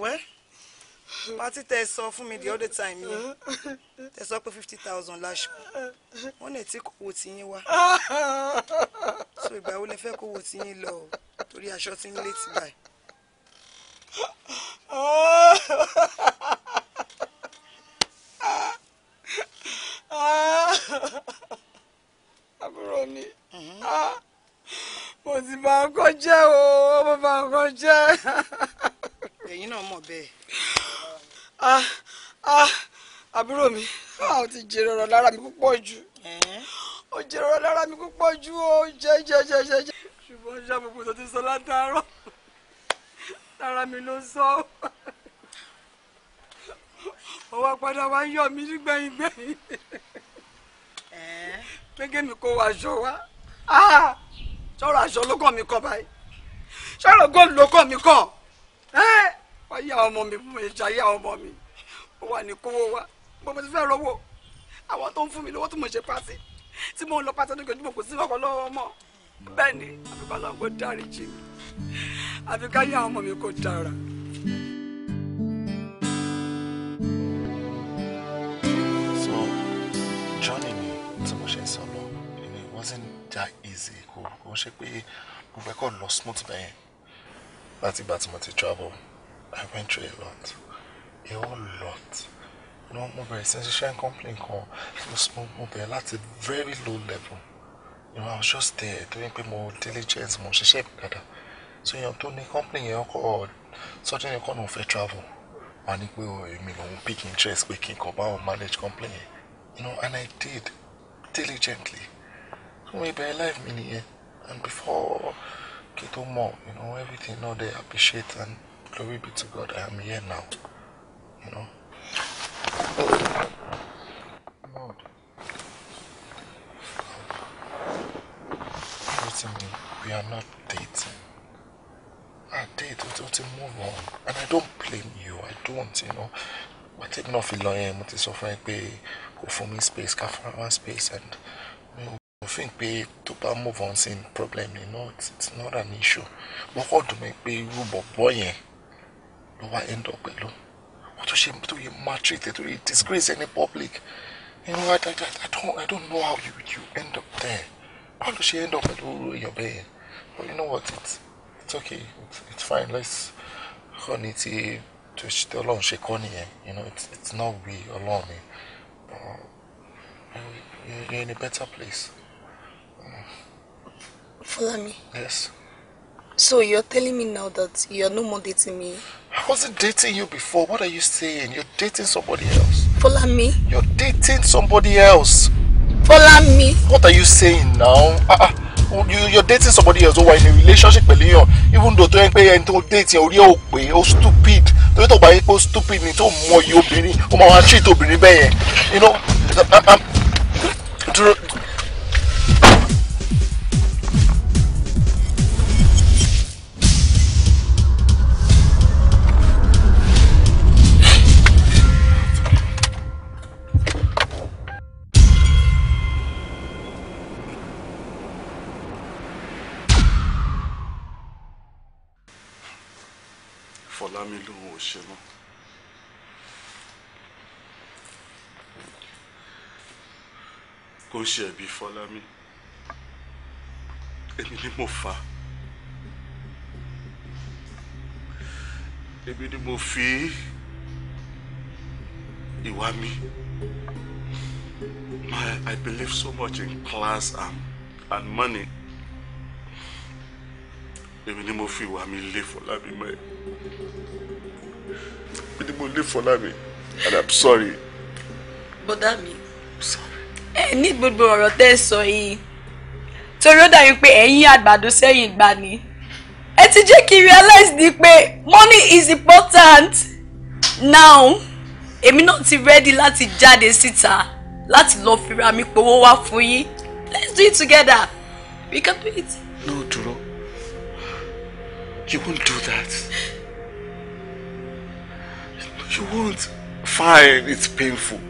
wẹ́ pátí tẹ sọ fún mi the other time yẹn tẹ sọ pé fifty thousand láṣọ wọn lè ti kò wò tí yín wá so ìgbà wo lẹ fẹ́ kó wò tí lọ torí aṣọ tí ń lé ti báyìí. àbúrò mi mo ti bá ọkọ jẹ́ o mo bá ọkọ jẹ́. ẹ̀yin náà mọ̀ bẹ́ẹ̀. Ah, ah, àbúrò mi ah, ó ti jèrò lára mi púpọ̀ jù ó jèrò lára mi púpọ̀ jù ó jẹ́ jẹ́ jẹ́ jẹ́ ṣùgbọ́n ṣàbùkù tó ti sọ látàárọ̀ ara mi ló sọ ọwọ́ padà wá ń yọ mí nígbẹ̀yìn gbẹ̀yìn gẹ́gẹ́ mi kó wọ aṣọ wá sọ̀rọ̀ ah! aṣọ ló kàn mí báyìí sọ̀rọ̀ góòlù ló kàn mí eh! wá yá ọmọ mi fún mi ṣàyà ọmọ mi ó wà ní kówó wá bó ti fẹ́ rówó àwọn tó ń fún mi lówó tó mo ṣe pàṣẹ tí mo ń lọ pàṣẹ lójoojúmọ́ kò sí ọkọ̀ lọ́wọ́ mọ́ bẹ́ẹ̀ ni àbíkọ́ lọ́wọ́ dárí jì mí àfi ká yí ọmọ mi kò dára. so journey mi tí mo ṣe ń sọ lọ eh, it wasn't that easy kò kò ṣe pé mo fẹ́ kọ́ lọ smooth bẹ́ẹ̀ láti ìgbà tí mo ti travel i went through a lot a whole lot you know mo bẹ̀rẹ̀ sí ṣiṣẹ́ ń complain kan mo bẹ̀rẹ̀ láti very low level you know i was just there doing pé mo diligence mo ṣiṣẹ́ dáadáa so yẹn tó ní company yẹn kọ́ sọ́jọ́ yẹn kọ́ náà fẹ́ travel wà ní pé oh, èmi lòun pick interest pé kí n kọ́ bá wọn manage company yẹn you know and I did diligently so mo ibẹ̀rẹ̀ life mi nìyẹn and before kí tó mọ̀ you know everything náà dey appreciate and glory be to God I am here now you know. Lord. Everything we are not dating. I did until to move on and I don't blame you I don't you know but take náà fi lọ yẹn mo ti sọ fún ẹ pé kò space ká fún wa space and mi ò fi pé tó bá move on sí problem You know, it's not an issue But kọ́ dùn mí pé irú bọ̀bọ̀ yẹn ló wá end up pẹ̀lú What tún ṣe tó yẹ maltreat tó yẹ disgrace ẹni public you know I, I, I don't I don't know how you you end up there how does she end up pẹ̀lú irú èèyàn bẹ́ẹ̀ but you know what it's it's okay it's, it's fine let's kàn ní ti tó ṣe tí you know it's, it's not we ọlọ́run you're in a better place. Follow me. Yes. So you're telling me now that you're no more dating me? I wasn't dating you before. What are you saying? You're dating somebody else. Follow me. You're dating somebody else. Follow me. What are you saying now? Uh-uh you you're dating somebody else ó wà in a relationship pẹ̀lú yàn even though tó yẹ pé ẹni tó date yẹn orí ẹ̀ ò pé ó stupid torí tó bá yẹ pé ó stupid ni tó mọ iye obìnrin ó máa wá treat obìnrin bẹ́ẹ̀ you know dúró fọlámi lòun ò ṣe mọ́. kò ṣe ẹ̀bi fọlámi èmi ni mo fà á èmi ni mo fi ìwà mi my i believe so much in class and, and money èmi ni mo fi ìwà mi lé Fọlámi mọ́ ẹ èmi ni mo lé Fọlámi and i'm sorry. bọ́dà mi ẹ ní gbogbo ọ̀rọ̀ tẹ́ ẹ sọ yìí torí ó dàbí pé ẹ̀yin àgbàdo sẹ́yìn gbà ni ẹ ti jẹ́ kí n realize ni pé money is important now èmi náà ti ready láti jáde síta láti lọ fira mi pòwó wá fún yín let's do it together we can do it. no dúró You won't do that. You won't. Fine, it's painful.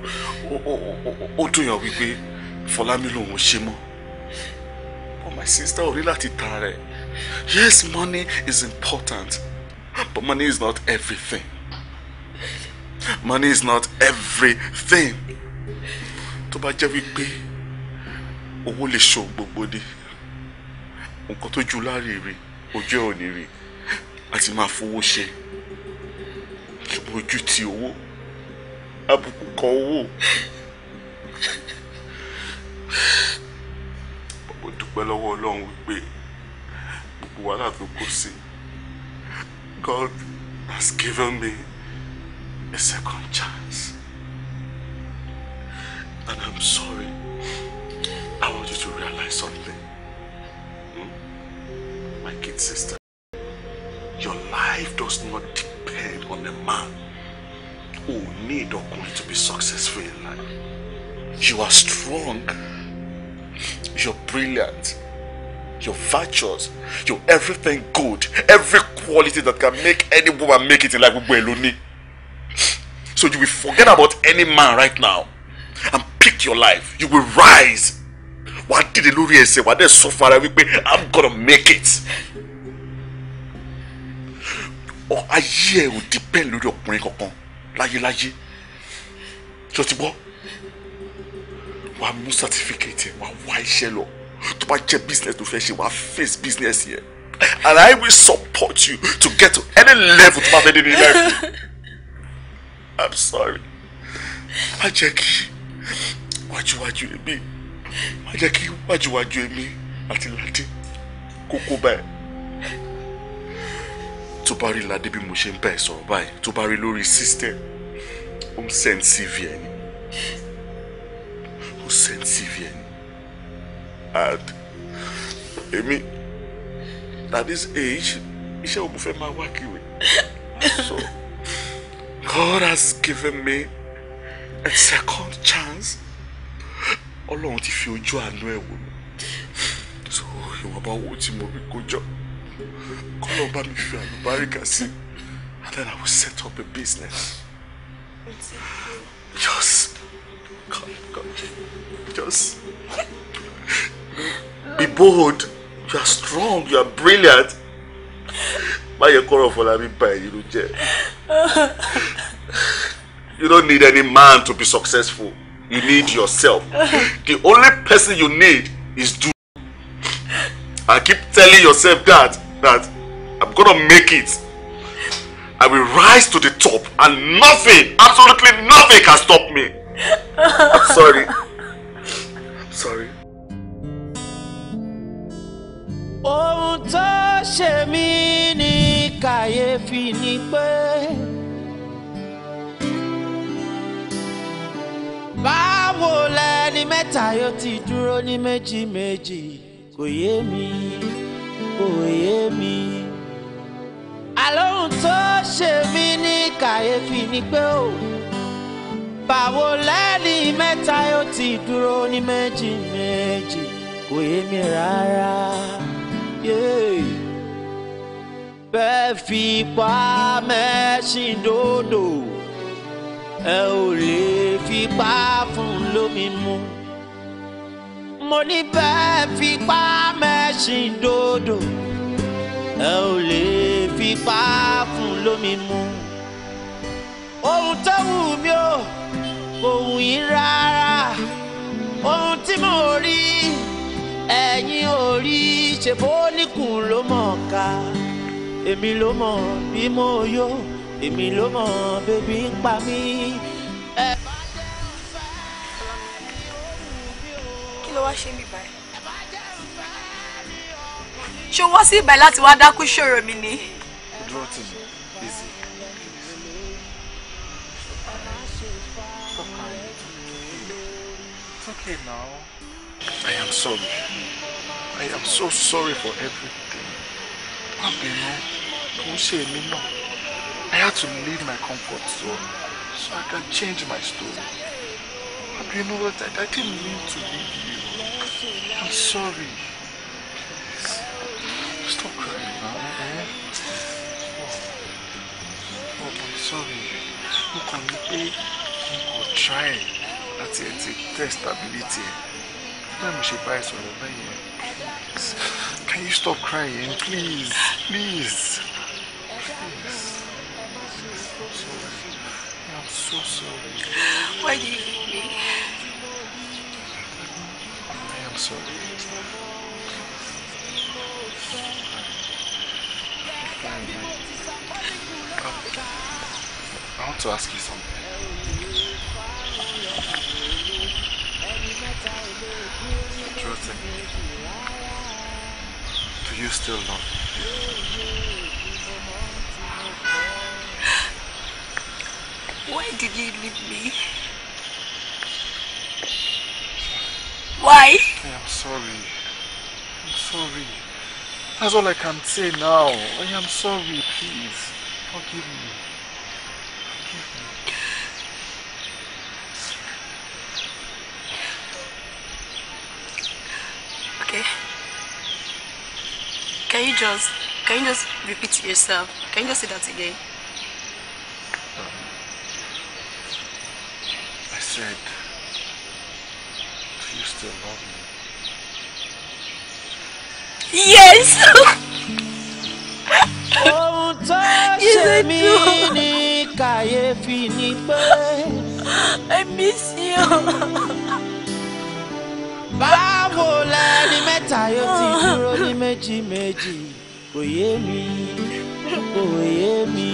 Ó dùn yàn wípé Fọlámi lòun ṣe But my sister ò rí láti Yes, money is important, but money is not everything. Money is not everything. To bá jẹ́ wípé owó lè ṣòwò gbogbo dé, nǹkan tó ju láre rí, ojú ẹ̀ ò àti máa fowó ṣe ṣùgbọ́n ojú ti owó àbùkù kan owó mo dúpẹ́ lọ́wọ́ Ọlọ́run wípé gbogbo wàhálà tó kó sí God has given me a second chance and I'm sorry I want you to realize something hmm? my kid sister. Your life does not depend on a man who need ọkùnrin to be successful in life. You are strong. You are brilliant. You are virtuous. You are everything good. Every quality that can make any woman make it in life gbogbo ẹ ló So you will forget about any man right now and pick your life. You will rise. Wà á dìde lórí ẹsẹ̀, wà so far? sọ fún ara I'm gonna make it ayé ẹ ò depend lórí ọkùnrin kankan láyéláyé tó ti gbọ́ wà á mú certificate wà á wá iṣẹ́ lọ tó bá jẹ́ business tó fẹ́ ṣe wà á face business yẹn and I will support you to get to any level tó bá fẹ́ dé ní life I'm sorry má jẹ́ kí wájúwájú èmi má jẹ́ kí wájúwájú èmi àti Ládé kókó báyìí tó bá rí ládé bí mo ṣe ń bá sọ̀rọ̀ báyìí tó bá rí lórí system ó ń send CV ni ó send CV ni and èmi at this age iṣẹ́ òun fẹ́ máa wá kiri so God has given me a second chance ọlọ́run ti fi ojú àánú ẹ̀ wò mí so ìwọ̀nba owó tí mo rí kó jọ. Call bá mi fi àlùbáríkà sí and then I will set up a business. Just come, come, just be bold. You are strong. You are brilliant. Báyẹ̀ kọ́rọ̀ Fọlábí bá ẹ̀yìn ló You don't need any man to be successful. You need yourself. The only person you need is you. I keep telling yourself that that I'm gonna make it. I will rise to the top and nothing, absolutely nothing can stop me. I'm sorry. I'm sorry. Ohun tó ṣe mí ní kàyéfì ni pé báwo lẹni mẹ́ta yóò ti dúró ní méjì méjì kò kò yé mi. àlóhùn tó ṣe mí ní kàyéfì ni pé o báwo lẹ́ni mẹ́ta yóò ti dúró ní méjì méjì kò yé mi rárá. bẹ́ẹ̀ fi pa mẹ́sìn dòdò ẹ ò lè pa fún lómi mu mo ní bẹ́ẹ̀ fipá mẹ́sìn dòdò ẹ ò lè fipá fún lómi mu ohun tó wù mí o kò wù yín rárá ohun tí mo rí ẹ̀yin ò rí ṣe bó ló mọ̀ ká èmi ló mọ̀ bí mo yó èmi ló mọ̀ bébí ń pa mí. Eh. ló wá ṣe mí báyìí. ṣé wọ́n sí ìbàyí láti wá dákú ìṣòro mi ni. It's okay now. I am sorry. I am so sorry for everything. Abinu, kò ṣe èmi náà. I had to leave my comfort zone so I can change my story. You know what? I, I didn't mean to leave you. I'm sorry. Stop crying now. Eh? Oh. oh, I'm sorry. Mo can ní pé try láti ẹ̀ ti test ability ẹ̀. Bẹ́ẹ̀ mo ṣe bá ẹ Can you stop crying, please? Please. Please. I'm so sorry. Why do you so I want to ask you something. Interesting. Do you still love me? Why did you leave me? Why? I'm sorry. I'm sorry. That's all I can say now. I am sorry, please. Forgive me. Okay. Can you just can you just repeat yourself? Can you just say that again? Um, I said, do you still love me? Yes. ohun tó ṣe mí ní kàyéfì ni pé. I miss you. báwo lẹni mẹ́ta yóò ti ah. dúró ní méjì méjì kò yé mi kò yé mi.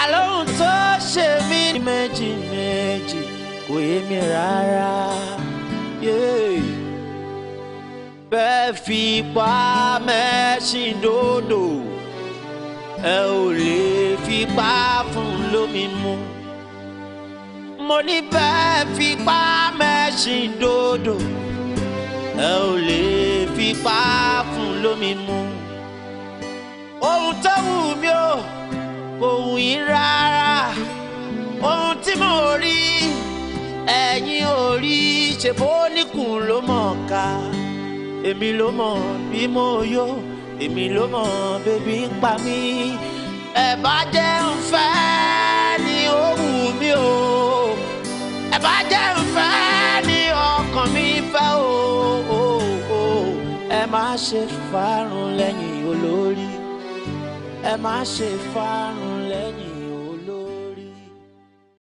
àlóhùn tó ṣe mí ní méjì méjì kò yé mi rárá. Yeah bẹ́ẹ̀ fi pa mẹ́sìn dòdò ẹ ò lè fipá fún lómi mu. mo ní bẹ́ẹ̀ fipá mẹ́sìn dòdò ẹ ò lè fipá fún lómi mu. ohun tó wù mí o kò wù yín rárá ohun tí mo rí ẹ̀yin ò rí ṣe níkùn ló mọ̀ ká èmi ló mọ̀ bí mo yó èmi ló mọ̀ bébí ń pa mí ẹ bá jẹ́ ń ni ó wù o ẹ bá jẹ́ ń ni ọkàn mi fẹ́ o ẹ má ṣe fárun lẹ́yìn olórí ẹ má ṣe fárun lẹ́yìn.